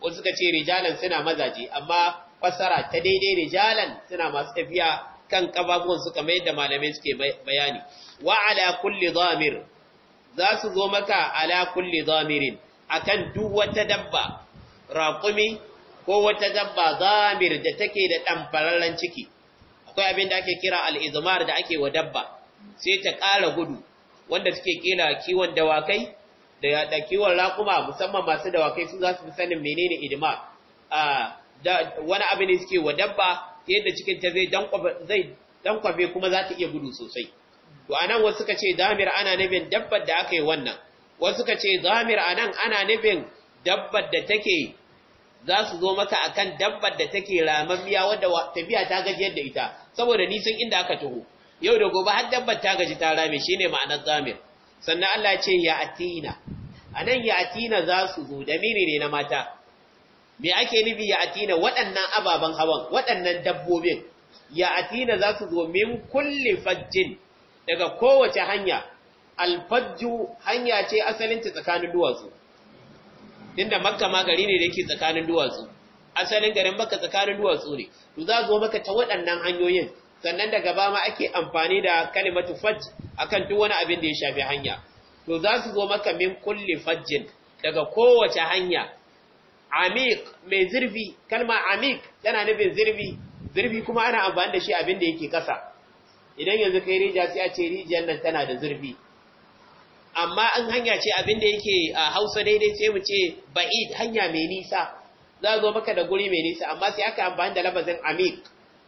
wasu suka ce rijalan suna mazaje amma fassara ta daidai rijalan suna masu tafiya kan kababuwansu kamar yadda malamai suke bayani wa ala kulli dhamir za su zo maka ala kulli dhamirin akan duk wata dabba raƙumi ko wata dabba zamir da take da ɗanfararren ciki akwai abin da ake kira al'izmar da ake wa dabba sai ta ƙara gudu wanda suke kila kiwon dawakai da kiwon raƙuma musamman masu dawakai su za su fi sanin menene idima wani abin ne suke wa dabba yadda cikinta zai dankwafe kuma za ta iya gudu sosai to anan wasu suka ce zamir ana nufin dabbar da aka yi wannan wasu suka ce zamir anan ana nufin dabbar da take za su zo maka kan dabbar da take ramammiya wadda tafiya ta gajiyar da ita saboda nisan inda aka taho yau da gobe har dabbar ta gaji ta rame shine ma'anar zamir sannan Allah ce ya atina anan ya atina za su zo mini ne na mata me ake nufi ya atina waɗannan ababen hawan waɗannan dabbobin ya atina za su zo min kulli fajjin daga kowace hanya alfajju hanya ce ta tsakanin duwatsu tunda makka ma gari ne da yake tsakanin duwatsu asalin garin makka tsakanin duwatsu ne to za zo maka ta waɗannan hanyoyin sannan daga ba ma ake amfani da kalimatu fajj akan duk wani abin da ya shafi hanya to za su zo maka min kulli fajjin daga kowace hanya amik mai zurfi kalma amik tana nufin zurfi zurfi kuma ana amfani da shi abin da yake kasa idan yanzu kai rija sai a ce rijiyar nan tana da zurfi amma an hanya ce abin da yake a hausa daidai sai mu ce ba'id hanya mai nisa za zo maka da guri mai nisa amma sai aka amfani da labazin amik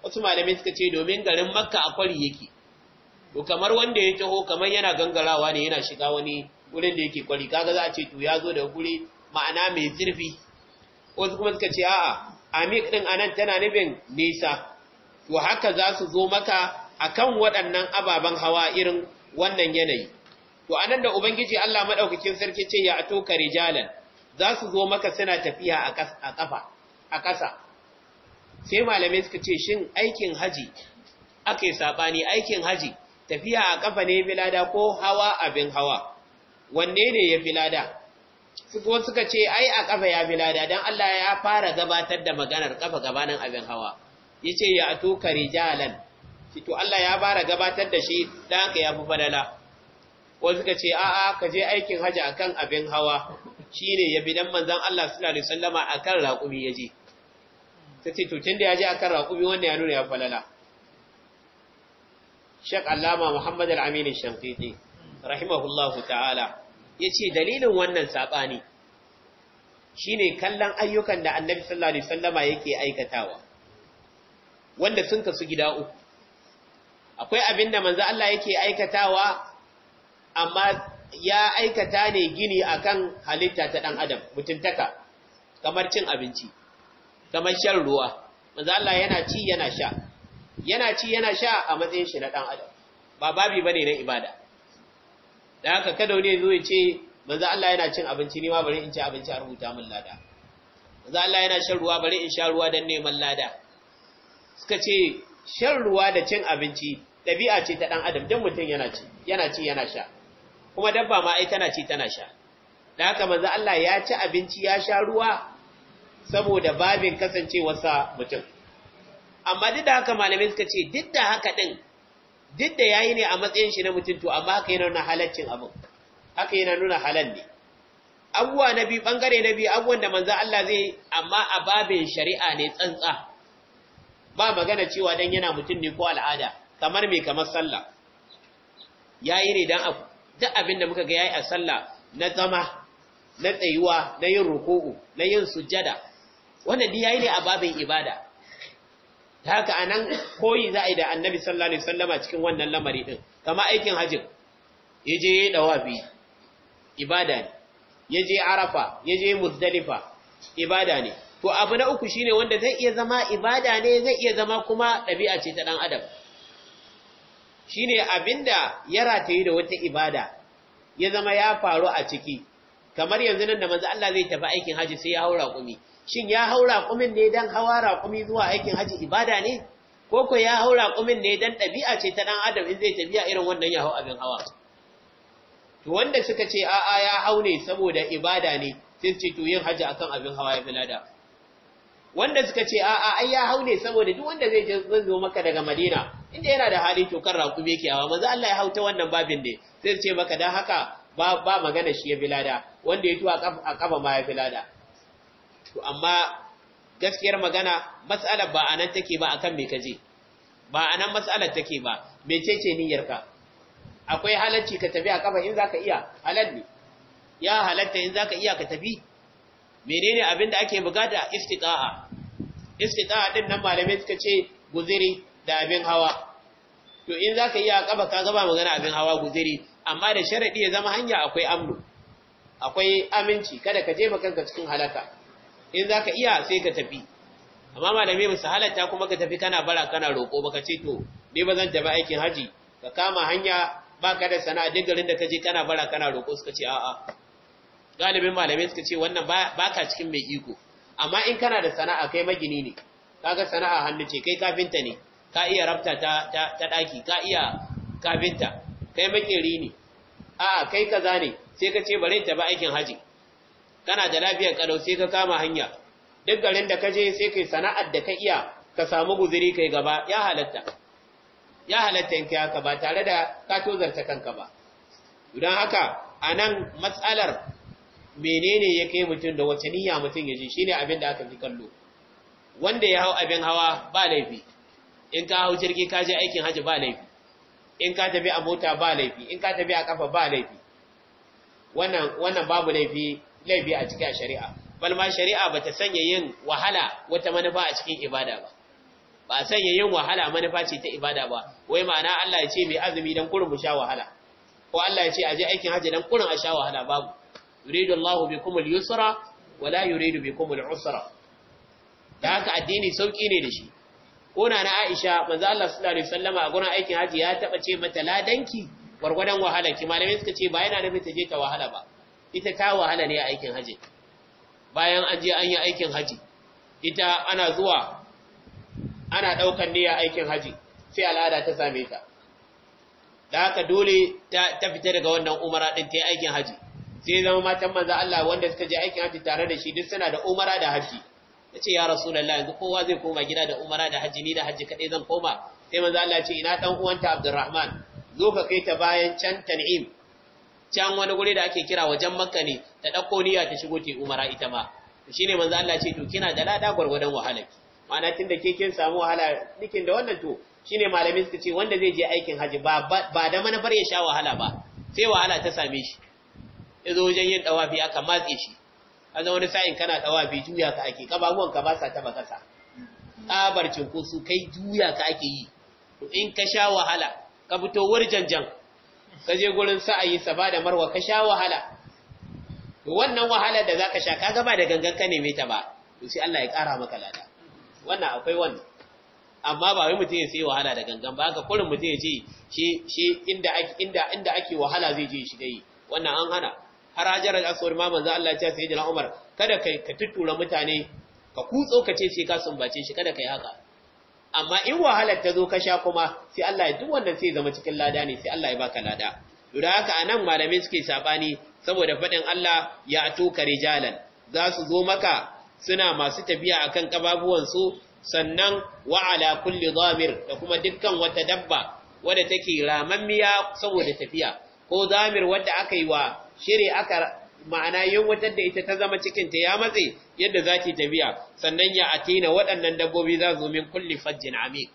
wasu malamai suka ce domin garin makka a kwari yake to kamar wanda ya taho kamar yana gangarawa ne yana shiga wani wurin da yake kwari kaga za a ce to ya zo da guri ma'ana mai zurfi wasu kuma suka ce a'a amik din anan tana nufin nisa to haka za su zo maka akan waɗannan ababen hawa irin wannan yanayi to anan da ubangiji Allah madaukakin sarki ce ya ato ka rijalan za su zo maka suna tafiya a kafa a ƙasa sai malamai suka ce shin aikin haji ake sabani aikin haji tafiya a kafa ne bilada ko hawa abin hawa wanne ne ya bilada suko suka ce ai a kafa ya bilada dan Allah ya fara gabatar da maganar kafa gabanin abin hawa yace ya ato ka rijalan to Allah ya fara gabatar da shi dan ka fi fadala wani suka ce a'a ka je aikin haji akan abin hawa shine ya bi dan manzan Allah sallallahu alaihi wasallama akan raƙumi ya je ta ce to da ya je akan raƙumi wannan ya nuna ya falala Sheikh Allama Muhammad al'aminin amin Shamfiti rahimahullahu ta'ala yace dalilin wannan Shi ne kallon ayyukan da Annabi sallallahu alaihi wasallama yake aikatawa wanda sun kasu gida uku akwai abinda manzan Allah yake aikatawa amma ya aikata ne gini akan halitta ta ɗan adam mutuntaka kamar cin abinci kamar shan ruwa manzo Allah yana ci yana sha yana ci yana sha a matsayin shi na ɗan adam ba babi bane na ibada da haka kada wani zo ya ce manzo Allah yana cin abinci ne ma bari in ci abinci a rubuta min lada manzo Allah yana shan ruwa bari in sha ruwa dan neman lada suka ce shan ruwa da cin abinci ɗabi'a ce ta ɗan adam dan mutum yana ci yana ci yana sha kuma dabba ma ai tana ci tana sha da haka manzo Allah ya ci abinci ya sha ruwa saboda babin kasancewarsa mutum amma duk da haka malamai suka ce duk da haka din duk da yayi ne a matsayin shi na mutum to amma haka yana nuna halaccin abu haka yana nuna halal ne abuwa na bangare na biyu abuwan da manzo Allah zai amma a babin shari'a ne tsantsa ba magana cewa dan yana mutum ne ko al'ada kamar mai kamar sallah yayi ne dan abu duk abin da muka ga yayi a sallah na zama na tsayuwa na yin ruku'u na yin sujjada wanda dai yayi ne a babin ibada ta haka anan koyi za a yi da annabi sallallahu alaihi wasallama cikin wannan lamari din kama aikin haji yaje ya dawa bi ibada ne yaje arafa yaje muzdalifa ibada ne to abu na uku shine wanda zai iya zama ibada ne zai iya zama kuma ɗabi'a ce ta dan adam shine abinda ya rataye da wata ibada ya zama ya faru a ciki kamar yanzu nan da manzo Allah zai tafi aikin haji sai ya haura kumi shin ya haura kumin ne dan hawa raƙumi zuwa aikin haji ibada ne ko ko ya haura kumin ne dan ɗabi'a ce ta dan adam in zai tafiya irin wannan ya hau abin hawa to wanda suka ce a'a ya haune saboda ibada ne sai ce to yin haji akan abin hawa ya filada wanda suka ce a'a ai ya haune saboda duk wanda zai zo maka daga Madina inda yana da hali to kan raƙumi yake hawa manzo Allah ya hauta wannan babin ne sai ce maka dan haka ba ba magana shi ya bilada wanda ya tuwa a kafa ma ya bilada to amma gaskiyar magana matsalar ba anan take ba akan me kaje ba anan matsalar take ba me ce niyyar ka? akwai halacci ka tafi a kafa in zaka iya halal ne ya halatta in zaka iya ka tafi menene abin da ake bukata istiqa'a istiqa'a din nan malamai suka ce guziri da abin hawa to in za ka iya kaba ka gaba magana abin hawa guziri amma da sharaɗi ya zama hanya akwai amnu akwai aminci kada ka jefa kanka cikin halaka in za ka iya sai ka tafi amma malamai musu halatta kuma ka tafi kana bara kana roƙo baka ce to me ba zan tafi aikin haji ka kama hanya baka da sana'a duk garin da ka je kana bara kana roƙo suka ce a'a galibin malamai suka ce wannan baka cikin mai iko amma in kana da sana'a kai magini ne kaga sana'a hannu ce kai kafinta ne ka iya rafta ta ta daki ka iya kafinta kai makeri ne a kai kaza ne sai ka ce bare ta ba aikin haji kana da lafiyar kalau sai ka kama hanya duk garin da ka je sai kai sana'ar da ka iya ka samu guzuri kai gaba ya halatta ya halatta in haka ba tare da ka tozarta kanka ba don haka a nan matsalar menene ya kai mutum da wace niyya mutum ya ji ne abin da aka fi kallo wanda ya hau abin hawa ba laifi in ka hau jirgi ka je aikin hajji ba laifi in ka tafi a mota ba laifi in ka tafi a kafa ba laifi wannan wannan babu laifi laifi a cikin shari'a bal ma shari'a bata sanya yin wahala wata manufa a cikin ibada ba ba sanya yin wahala manufa ce ta ibada ba wai ma'ana Allah ya ce mai azumi dan kurin mu sha wahala ko Allah ya ce aje aikin hajji dan kurin a sha wahala babu yuridu Allahu bikumul yusra wala yuridu bikumul usra da haka addini sauki ne da shi kona na Aisha manzo Allah sallallahu alaihi wasallama a gurin aikin haji ya taba ce mata ladanki gwargwadon wahala ki malamai suka ce ba yana da ta je ta wahala ba ita ta wahala ne a aikin haji bayan an je an yi aikin haji ita ana zuwa ana daukan niyya aikin haji sai al'ada ta same ta da haka dole ta fita daga wannan umara din ta yi aikin haji sai zama matan manzo Allah wanda suka je aikin haji tare da shi duk suna da umara da haji yace ya rasu Lalla yanzu kowa zai koma gida da umara da haji ni da haji kadai zan koma sai manzo Allah ce ina dan uwanta Abdurrahman zo ka kai ta bayan can Tan'im can wani guri da ake kira wajen Makka ne ta dauko niyya ta shigo ta umara ita ma shine manzo Allah ce to kina da lada gurgurdan wahala ma'ana da ke kin samu wahala dikin da wannan to shine malamin suka ce wanda zai je aikin haji ba ba da manufar ya sha wahala ba sai wahala ta same shi yazo wajen yin dawafi aka matse shi zama wani sa'in kana dawafi juya ka ake kababuwan ka ba sa taba ƙasa. Ƙabar cinkoso kai juya ka ake yi to in ka sha wahala ka fito warjanjan ka je gurin sa'ayi saba da marwa ka sha wahala to wannan wahala da zaka sha kaga ba da gangan ka neme ta ba to sai Allah ya kara maka lada wannan akwai wannan amma ba wai mutum ya sai wahala da gangan ba haka kullum mutum ya ce shi shi inda inda inda ake wahala zai je shi dai wannan an hana har hajar da aswad ma manzo Allah ya ce sai jira Umar kada kai ka tuttura mutane ka kutso ka ce sai ka sumbace shi kada kai haka amma in wahalar ta zo ka sha kuma sai Allah ya duk wannan sai zama cikin lada ne sai Allah ya baka lada Duka haka anan malamai suke sabani saboda fadin Allah ya ato karijalan rijalan za su zo maka suna masu tafiya akan kababuwan su sannan wa ala kulli zamir, da kuma dukkan wata dabba wadda take ramammiya saboda tafiya ko zamir wadda aka yi wa shiri aka ma'ana yunwatar da ita ta zama cikinta ya matse yadda za ta tafiya sannan ya atina waɗannan dabbobi za su min kulli fajjin amik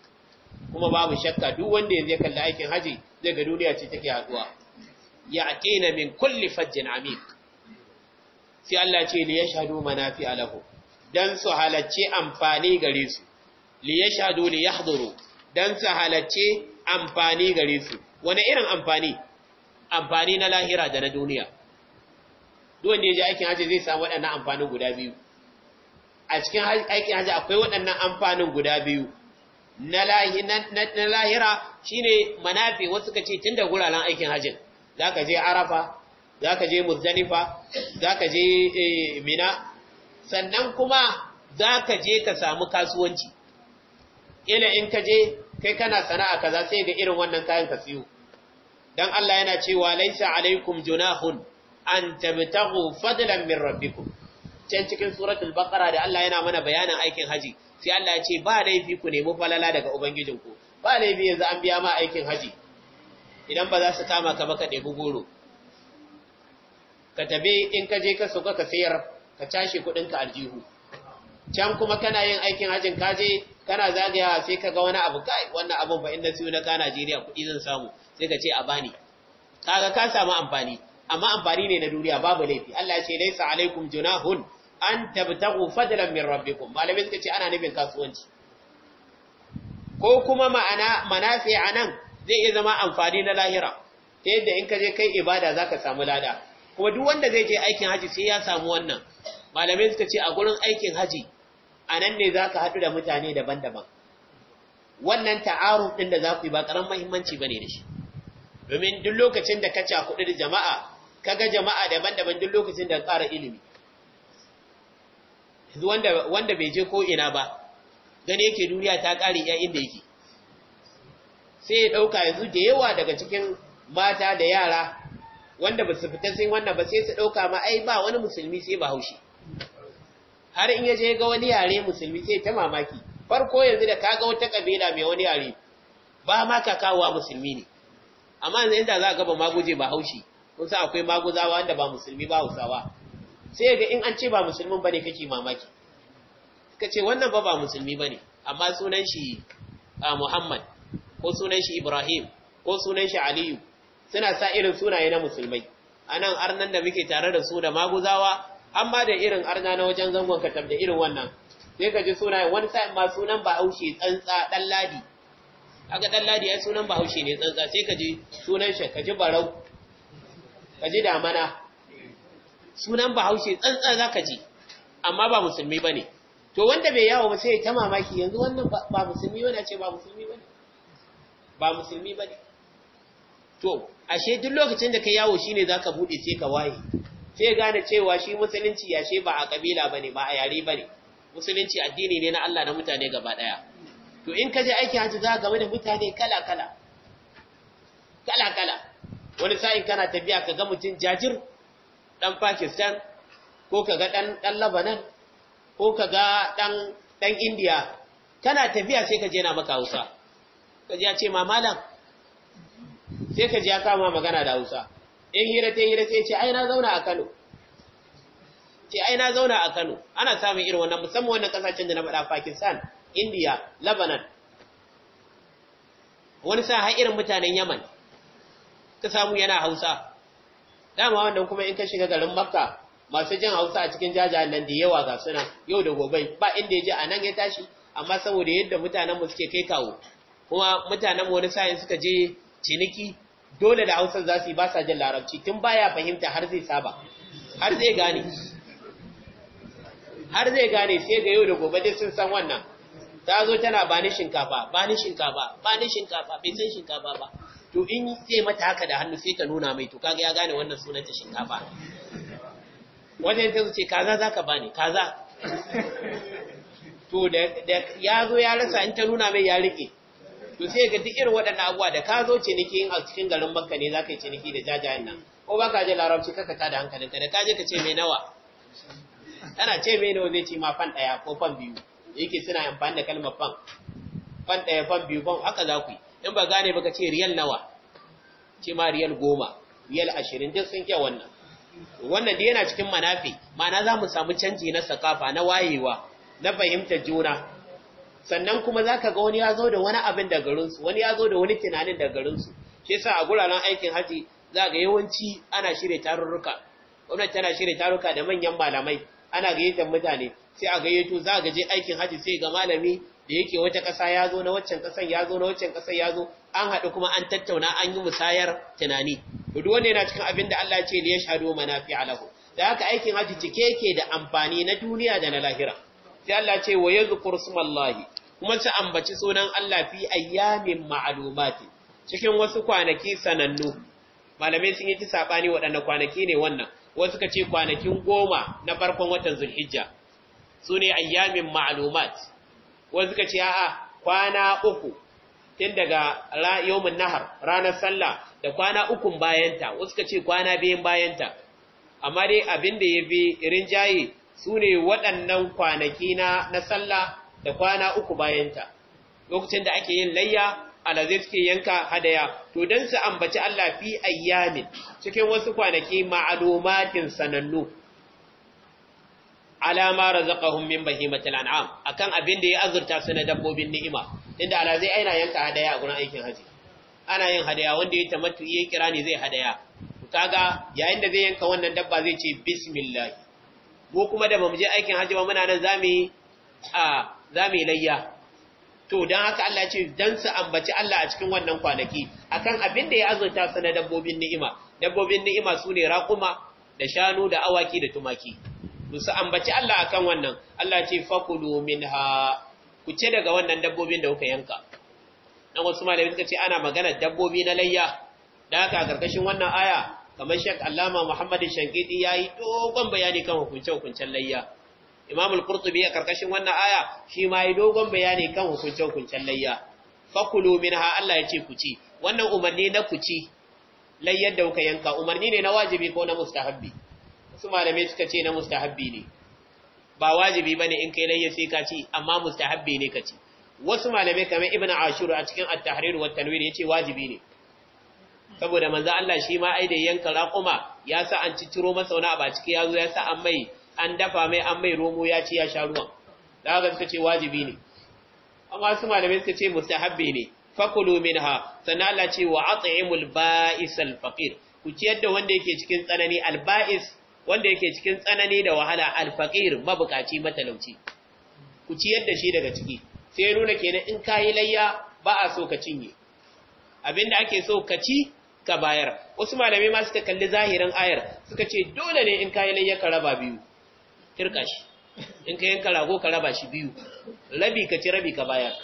kuma babu shakka duk wanda ya zai kalli aikin haji zai ga duniya ce take haɗuwa ya atina min kulli fajjin amik sai Allah ce li yashhadu manafi alahu dan su halacce amfani gare su li yashhadu li yahduru dan su halacce amfani gare su wani irin amfani amfani na lahira da na duniya duk wanda ya je aikin hajji zai samu waɗannan amfanin guda biyu a cikin aikin hajji akwai waɗannan amfanin guda biyu na lahira shine manafi wasu ka ce tun da guraren aikin hajjin za ka je arafa za ka je muzdalifa za ka je eh, mina sannan kuma za ka je ka samu kasuwanci ila in ka je kai kana sana'a kaza sai ga irin wannan kayan ka siyo dan Allah yana cewa laisa alaikum junahun an tabtagu fadlan min rabbikum can cikin suratul baqara da Allah yana mana bayanin aikin haji sai Allah ya ce ba laifi ku nemi falala daga ubangijinku ba laifi yanzu an biya ma aikin haji idan ba za su kama ka ba ka goro ka tabe in ka je ka sauka ka sayar ka cashe kuɗinka aljihu can kuma kana yin aikin hajjin je kana zagayawa sai ka ga wani abu kai wannan abun ba inda siyo na ka Najeriya kuɗi zan samu sai ka ce a bani kaga ka samu amfani amma amfani ne na duniya babu laifi Allah ya ce laisa alaikum junahun an tabtagu fadlan min rabbikum malamai suka ce ana nufin kasuwanci ko kuma ma'ana manafi anan zai iya zama amfani na lahira ta yadda in ka je kai ibada zaka samu lada kuma duk wanda zai je aikin haji sai ya samu wannan malamai suka ce a gurin aikin haji anan ne zaka hadu da mutane daban-daban wannan ta'aruf din da za ku yi ba karamin muhimmanci bane da shi domin duk lokacin da ka ci kuɗi da jama'a kaga jama'a daban-daban duk lokacin da tsara ilimi wanda wanda bai je ko ina ba gane yake duniya ta kare ya inda yake sai ya ɗauka yanzu da yawa daga cikin mata da yara wanda ba su fita sai wannan ba sai su ɗauka ma ai ba wani musulmi sai ba haushi har in ya je ga wani yare musulmi sai ta mamaki farko yanzu da kaga wata kabila mai wani yare ba ma kakawa musulmi ne amma yanzu inda za ka gaba ma guje ba haushi kun sa akwai maguzawa wanda ba musulmi ba hausawa sai ga in an ce ba musulmin bane kake mamaki suka ce wannan ba ba musulmi bane amma sunan shi ah, Muhammad ko sunan shi Ibrahim ko sunan shi Aliyu suna sa irin sunaye na musulmai anan arnan da muke tare da su da maguzawa amma da irin arna na wajen zangon ka da irin wannan sai ka ji sunayen wani sa'in ma sunan bahaushe tsantsa dan ladi aka dan ladi ai sunan bahaushe ne tsantsa sai ka ji sunan shi ka ji barau ka ji damana sunan bahaushe tsantsan za ka ji amma ba musulmi ba ne to wanda bai yawo ba sai ya ta mamaki yanzu wannan ba musulmi ba ce ba musulmi ba ne ba musulmi ba ne to ashe duk lokacin da ka yawo shine za ka buɗe sai ka waye sai gane cewa shi musulunci yashe ba a kabila ba ne ba a yare ba ne musulunci addini ne na Allah na mutane gaba ɗaya to in ka je aiki hajji za game da mutane kala-kala kala-kala wani sa'in kana tafiya ka ga mutum jajir ɗan pakistan ko ka ga ɗan labanan ko ka ga ɗan indiya kana tafiya sai ka je na maka hausa ka ji ya ce mamalan sai ka ji ya kama magana da hausa in hira ta hira sai ce ai na zauna a kano ce ai na zauna a kano ana samun irin wannan musamman wannan kasashen da na faɗa pakistan indiya labanan wani sa har irin mutanen yaman ka samu yana hausa dama wannan kuma in ka shiga garin makka masu jin hausa a cikin jajayen nan da yawa ga suna yau da gobe ba inda ya je a nan ya tashi amma saboda yadda mutanenmu suke kai kawo kuma mutanenmu wani sa'in suka je ciniki dole da Hausa za su yi ba sa jin larabci tun baya fahimta har zai saba har zai gane har zai gane sai ga yau da gobe dai sun san wannan ta zo tana bani shinkafa bani shinkafa bani shinkafa bai san shinkafa ba to in sai mata haka da hannu sai ta nuna mai to kaga ya gane wannan sunan ta shinkafa wajen ta ce kaza zaka bani kaza to da ya zo ya rasa in ta nuna mai ya rike to sai ga duk irin waɗannan abuwa da ka zo ciniki a cikin garin makka ne zaka yi ciniki da jajayen nan ko ba ka je larabci kaka ta da hankalin ka, da ka je ka ce mai nawa ana ce mai nawa zai ce ma fan ɗaya ko fan biyu yake suna amfani da kalmar fan fan ɗaya fan biyu fan haka za ku yi in ba gane ba ka ce riyal nawa ce ma riyal goma riyal ashirin duk sun kya wannan wannan da yana cikin manafi mana za mu samu canji na sakafa na wayewa na fahimtar juna sannan kuma za ka ga wani ya zo da wani abin da garinsu wani ya zo da wani tunanin da garinsu shi yasa a guraren aikin haji za ga yawanci ana shirya tarurruka gwamnati tana shirya tarurruka da manyan malamai ana gayyatar mutane sai a gayyato za ga je aikin haji sai ga malami da yake wata ƙasa ya zo na waccan ƙasan ya zo na waccan ƙasan ya zo an haɗu kuma an tattauna an yi musayar tunani duk wanda yana cikin abin da Allah ce li yashhadu manafi alahu? da haka aikin haji cike yake da amfani na duniya da na lahira sai Allah ce wa yadhkur smallahi kuma su ambaci sunan Allah fi ayyamin ma'lumati cikin wasu kwanaki sanannu malamai sun yi ci sabani kwanaki ne wannan wasu ka ce kwanakin goma na farkon watan zulhijja su ne ayyamin ma'lumati wanda suka ce a'a kwana uku tun daga yawon nahar ranar sallah da kwana ukun bayanta wasu suka ce kwana biyun bayanta amma dai abinda da ya bi rinjaye su ne waɗannan kwanaki na na sallah da kwana uku bayanta lokacin da ake yin layya alazai suke yanka hadaya to don su ambaci Allah fi ayyamin cikin wasu kwanaki ma'alumatin sanannu alama razaqahum min bahimatil an'am akan abin da ya azurta su na dabbobin ni'ima inda ala zai aina yanka hadaya a gurin aikin haji ana yin hadaya wanda ya tamattu ya kira ne zai hadaya kaga yayin da zai yanka wannan dabba zai ce bismillah mu kuma da bamu je aikin haji ba muna nan zamu a zamu layya to dan haka Allah ya ce dan su ambaci Allah a cikin wannan kwanaki akan abin da ya azurta su na dabbobin ni'ima dabbobin ni'ima su ne raquma da shanu da awaki da tumaki musu ambaci Allah akan wannan Allah ce fakulu minha ku ce daga wannan dabbobin da kuka yanka dan wasu malamin suka ce ana magana dabbobi na layya da haka karkashin wannan aya kamar Sheikh Allama Muhammad Shankidi yayi dogon bayani kan hukunce-hukuncen layya Imam Al-Qurtubi a karkashin wannan aya shi ma yayi dogon bayani kan hukunce-hukuncen layya fakulu minha Allah ya ce ku ci wannan umarni na ku ci layyar da kuka yanka umarni ne na wajibi ko na mustahabbi su malamai suka ce na mustahabbi ne ba wajibi bane in kai layya sai ka ci amma mustahabbi ne ka ci wasu malamai kamar ibnu ashur a cikin at-tahrir wa tanwir yace wajibi ne saboda manzo Allah shi ma ai da yanka raquma ya sa an ciciro masa wani a ciki yazo ya sa an mai an dafa mai an mai romo ya ci ya sha ruwa da haka suka ce wajibi ne amma su malamai suka ce mustahabbi ne fakulu minha sannan Allah ce wa at'imul ba'is al-faqir ku ciyar da wanda yake cikin tsanani al-ba'is wanda yake cikin tsanani da wahala alfaqir mabukaci matalauci ku ci da shi daga ciki sai nuna kenan in kayi layya ba a so ka cinye abinda ake so ka ci ka bayar wasu malamai ma suka kalli zahirin ayar suka ce dole ne in yi layya ka raba biyu kirka shi in ka yanka rago ka raba shi biyu rabi ka ci rabi ka bayar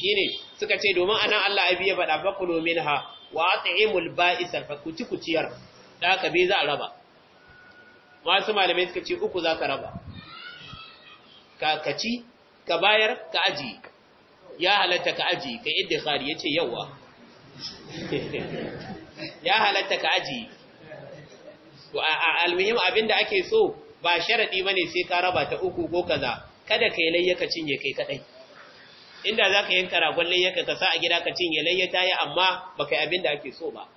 shine suka ce domin anan Allah abi biya faɗa faqulu minha wa at'imul ba'is fa ku ciyar da ka bi za a raba masu malamai suka ce uku za ka raba ka kaci ka bayar ka aji ya halatta ka aji ka iddikhari ya ce yawa [laughs] ya halatta ka aji almuhim abinda ake so ba sharadi bane sai ka raba ta uku ko kaza kada kai layya ka cinye kai kadai inda zaka yanka ragon layya ka sa a gida ka cinye layya ta yi amma baka abinda ake so ba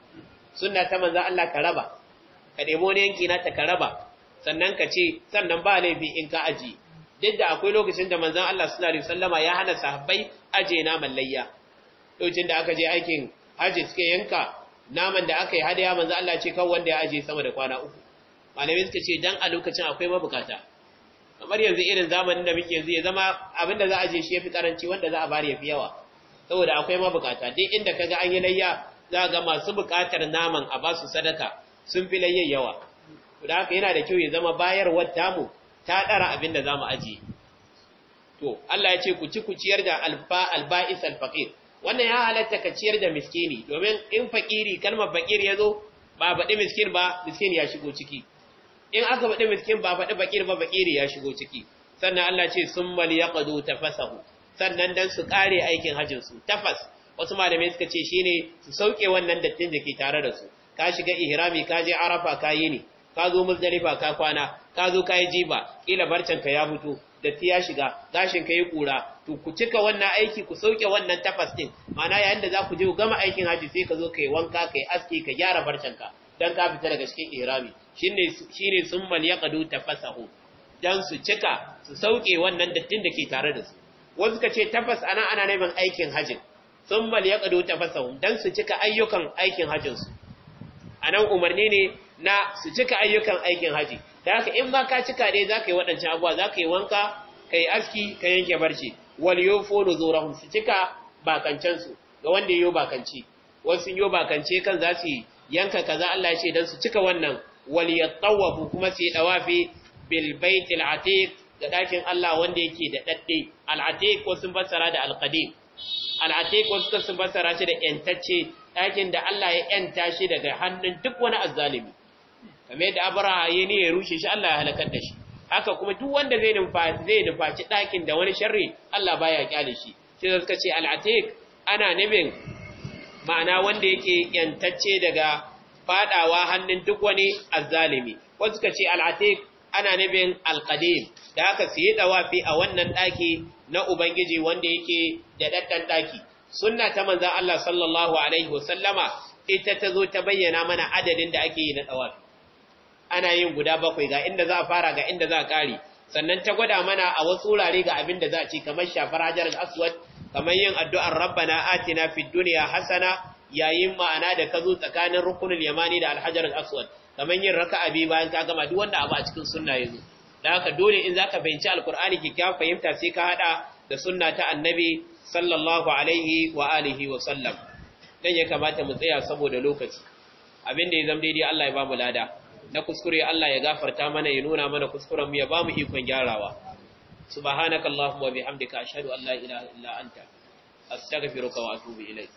sunna ta manzo Allah ka raba ka demo ne yanki na ta ka raba sannan ka ce sannan ba laifi in ka aji duk da akwai lokacin da manzon Allah sallallahu alaihi wasallama ya hana sahabbai aje naman layya lokacin da aka je aikin haji suka yanka naman da aka yi hadaya manzon Allah ce kawai wanda ya aje sama da kwana uku malami suka ce dan a lokacin akwai mabukata kamar yanzu irin zamanin da muke yanzu ya zama abin da za a je shi yafi karanci wanda za a bari yafi yawa saboda akwai mabukata duk inda kaga an yi layya za ga masu bukatar naman a ba su sadaka sun fi layyan yawa da haka yana da kyau ya zama bayarwar tamu ta ɗara abin da zamu mu ajiye to Allah ya ce ku ci ku ciyar da alba'is alfaqir wannan ya halatta ka ciyar da miskini domin in fakiri kalmar fakir ya zo ba faɗi miskin ba miskin ya shigo ciki in aka faɗi miskin ba faɗi fakir ba fakiri ya shigo ciki sannan Allah ce sun mali ya tafasahu sannan dan su ƙare aikin hajjinsu tafas wasu malamai suka ce shine su sauke wannan dattin da ke tare da su ka shiga ihrami ka je arafa ka yi ne ka zo muzdalifa ka kwana ka zo ka yi jiba kila barcin ka ya fito datti ya shiga gashin ka yi kura to ku cika wannan aiki ku sauke wannan tafas din ma'ana yayin da za ku je ku gama aikin haji sai ka zo ka yi wanka ka yi aski ka gyara barcin ka dan ka fita daga cikin ihrami shine shine summal yaqadu tafasahu dan su cika su sauke wannan dattin da ke tare da su wasu ka ce tafas ana ana neman aikin hajin summal yaqadu tafasahu dan su cika ayyukan aikin hajin su anan umarni ne na su cika ayyukan aikin haji da haka in ba ka cika dai za ka yi waɗancan abuwa za ka yi wanka ka yi aski ka yanke barci wal yofo da su cika su ga wanda ya yi bakanci wasu yi bakance kan za su yanka kaza Allah ya ce don su cika wannan wal yattawafu kuma su yi dawafi bil baitil atiq ga dakin Allah wanda yake da dadde al atiq ko sun fassara da al qadim al atiq sun fassara shi da yantacce ɗakin da Allah ya yanta shi daga hannun duk wani azzalimi kamar yadda abara ya ne ya rushe shi Allah ya halakar da shi haka kuma duk wanda zai nufaci zai nufaci ɗakin da wani sharri Allah baya kyale shi sai da suka ce Atik, ana nabin ma'ana wanda yake yantacce daga fadawa hannun duk wani azzalimi wanda suka ce Atik, ana nabin alqadim da haka su yi dawafi a wannan ɗaki na ubangiji wanda yake da daddan ɗaki sunna ta manzan Allah sallallahu alaihi wasallama ita ta zo ta bayyana mana adadin da ake yi na dawafi ana yin guda bakwai ga inda za a fara ga inda za a kare sannan ta gwada mana a wasu wurare ga abin da za a ci kamar shafar hajar aswad kamar yin addu'ar rabbana atina fid dunya hasana yayin ma'ana da ka zo tsakanin rukunin yamani da alhajar aswad kamar yin raka'a bi bayan ka gama duk wanda abu a cikin sunna yanzu da haka dole in zaka fahimci alkur'ani kikkiawan fahimta sai ka hada da sunna ta annabi sallallahu alaihi wa alihi wa sallam dan ya kamata mu tsaya saboda lokaci abin da ya zama daidai Allah ya ba mu lada na kuskure Allah ya gafarta mana ya nuna mana kuskuren mu ya bamu ikon gyarawa subhanakallahu wa bihamdika ashhadu an la ilaha illa anta astaghfiruka wa atubu ilayk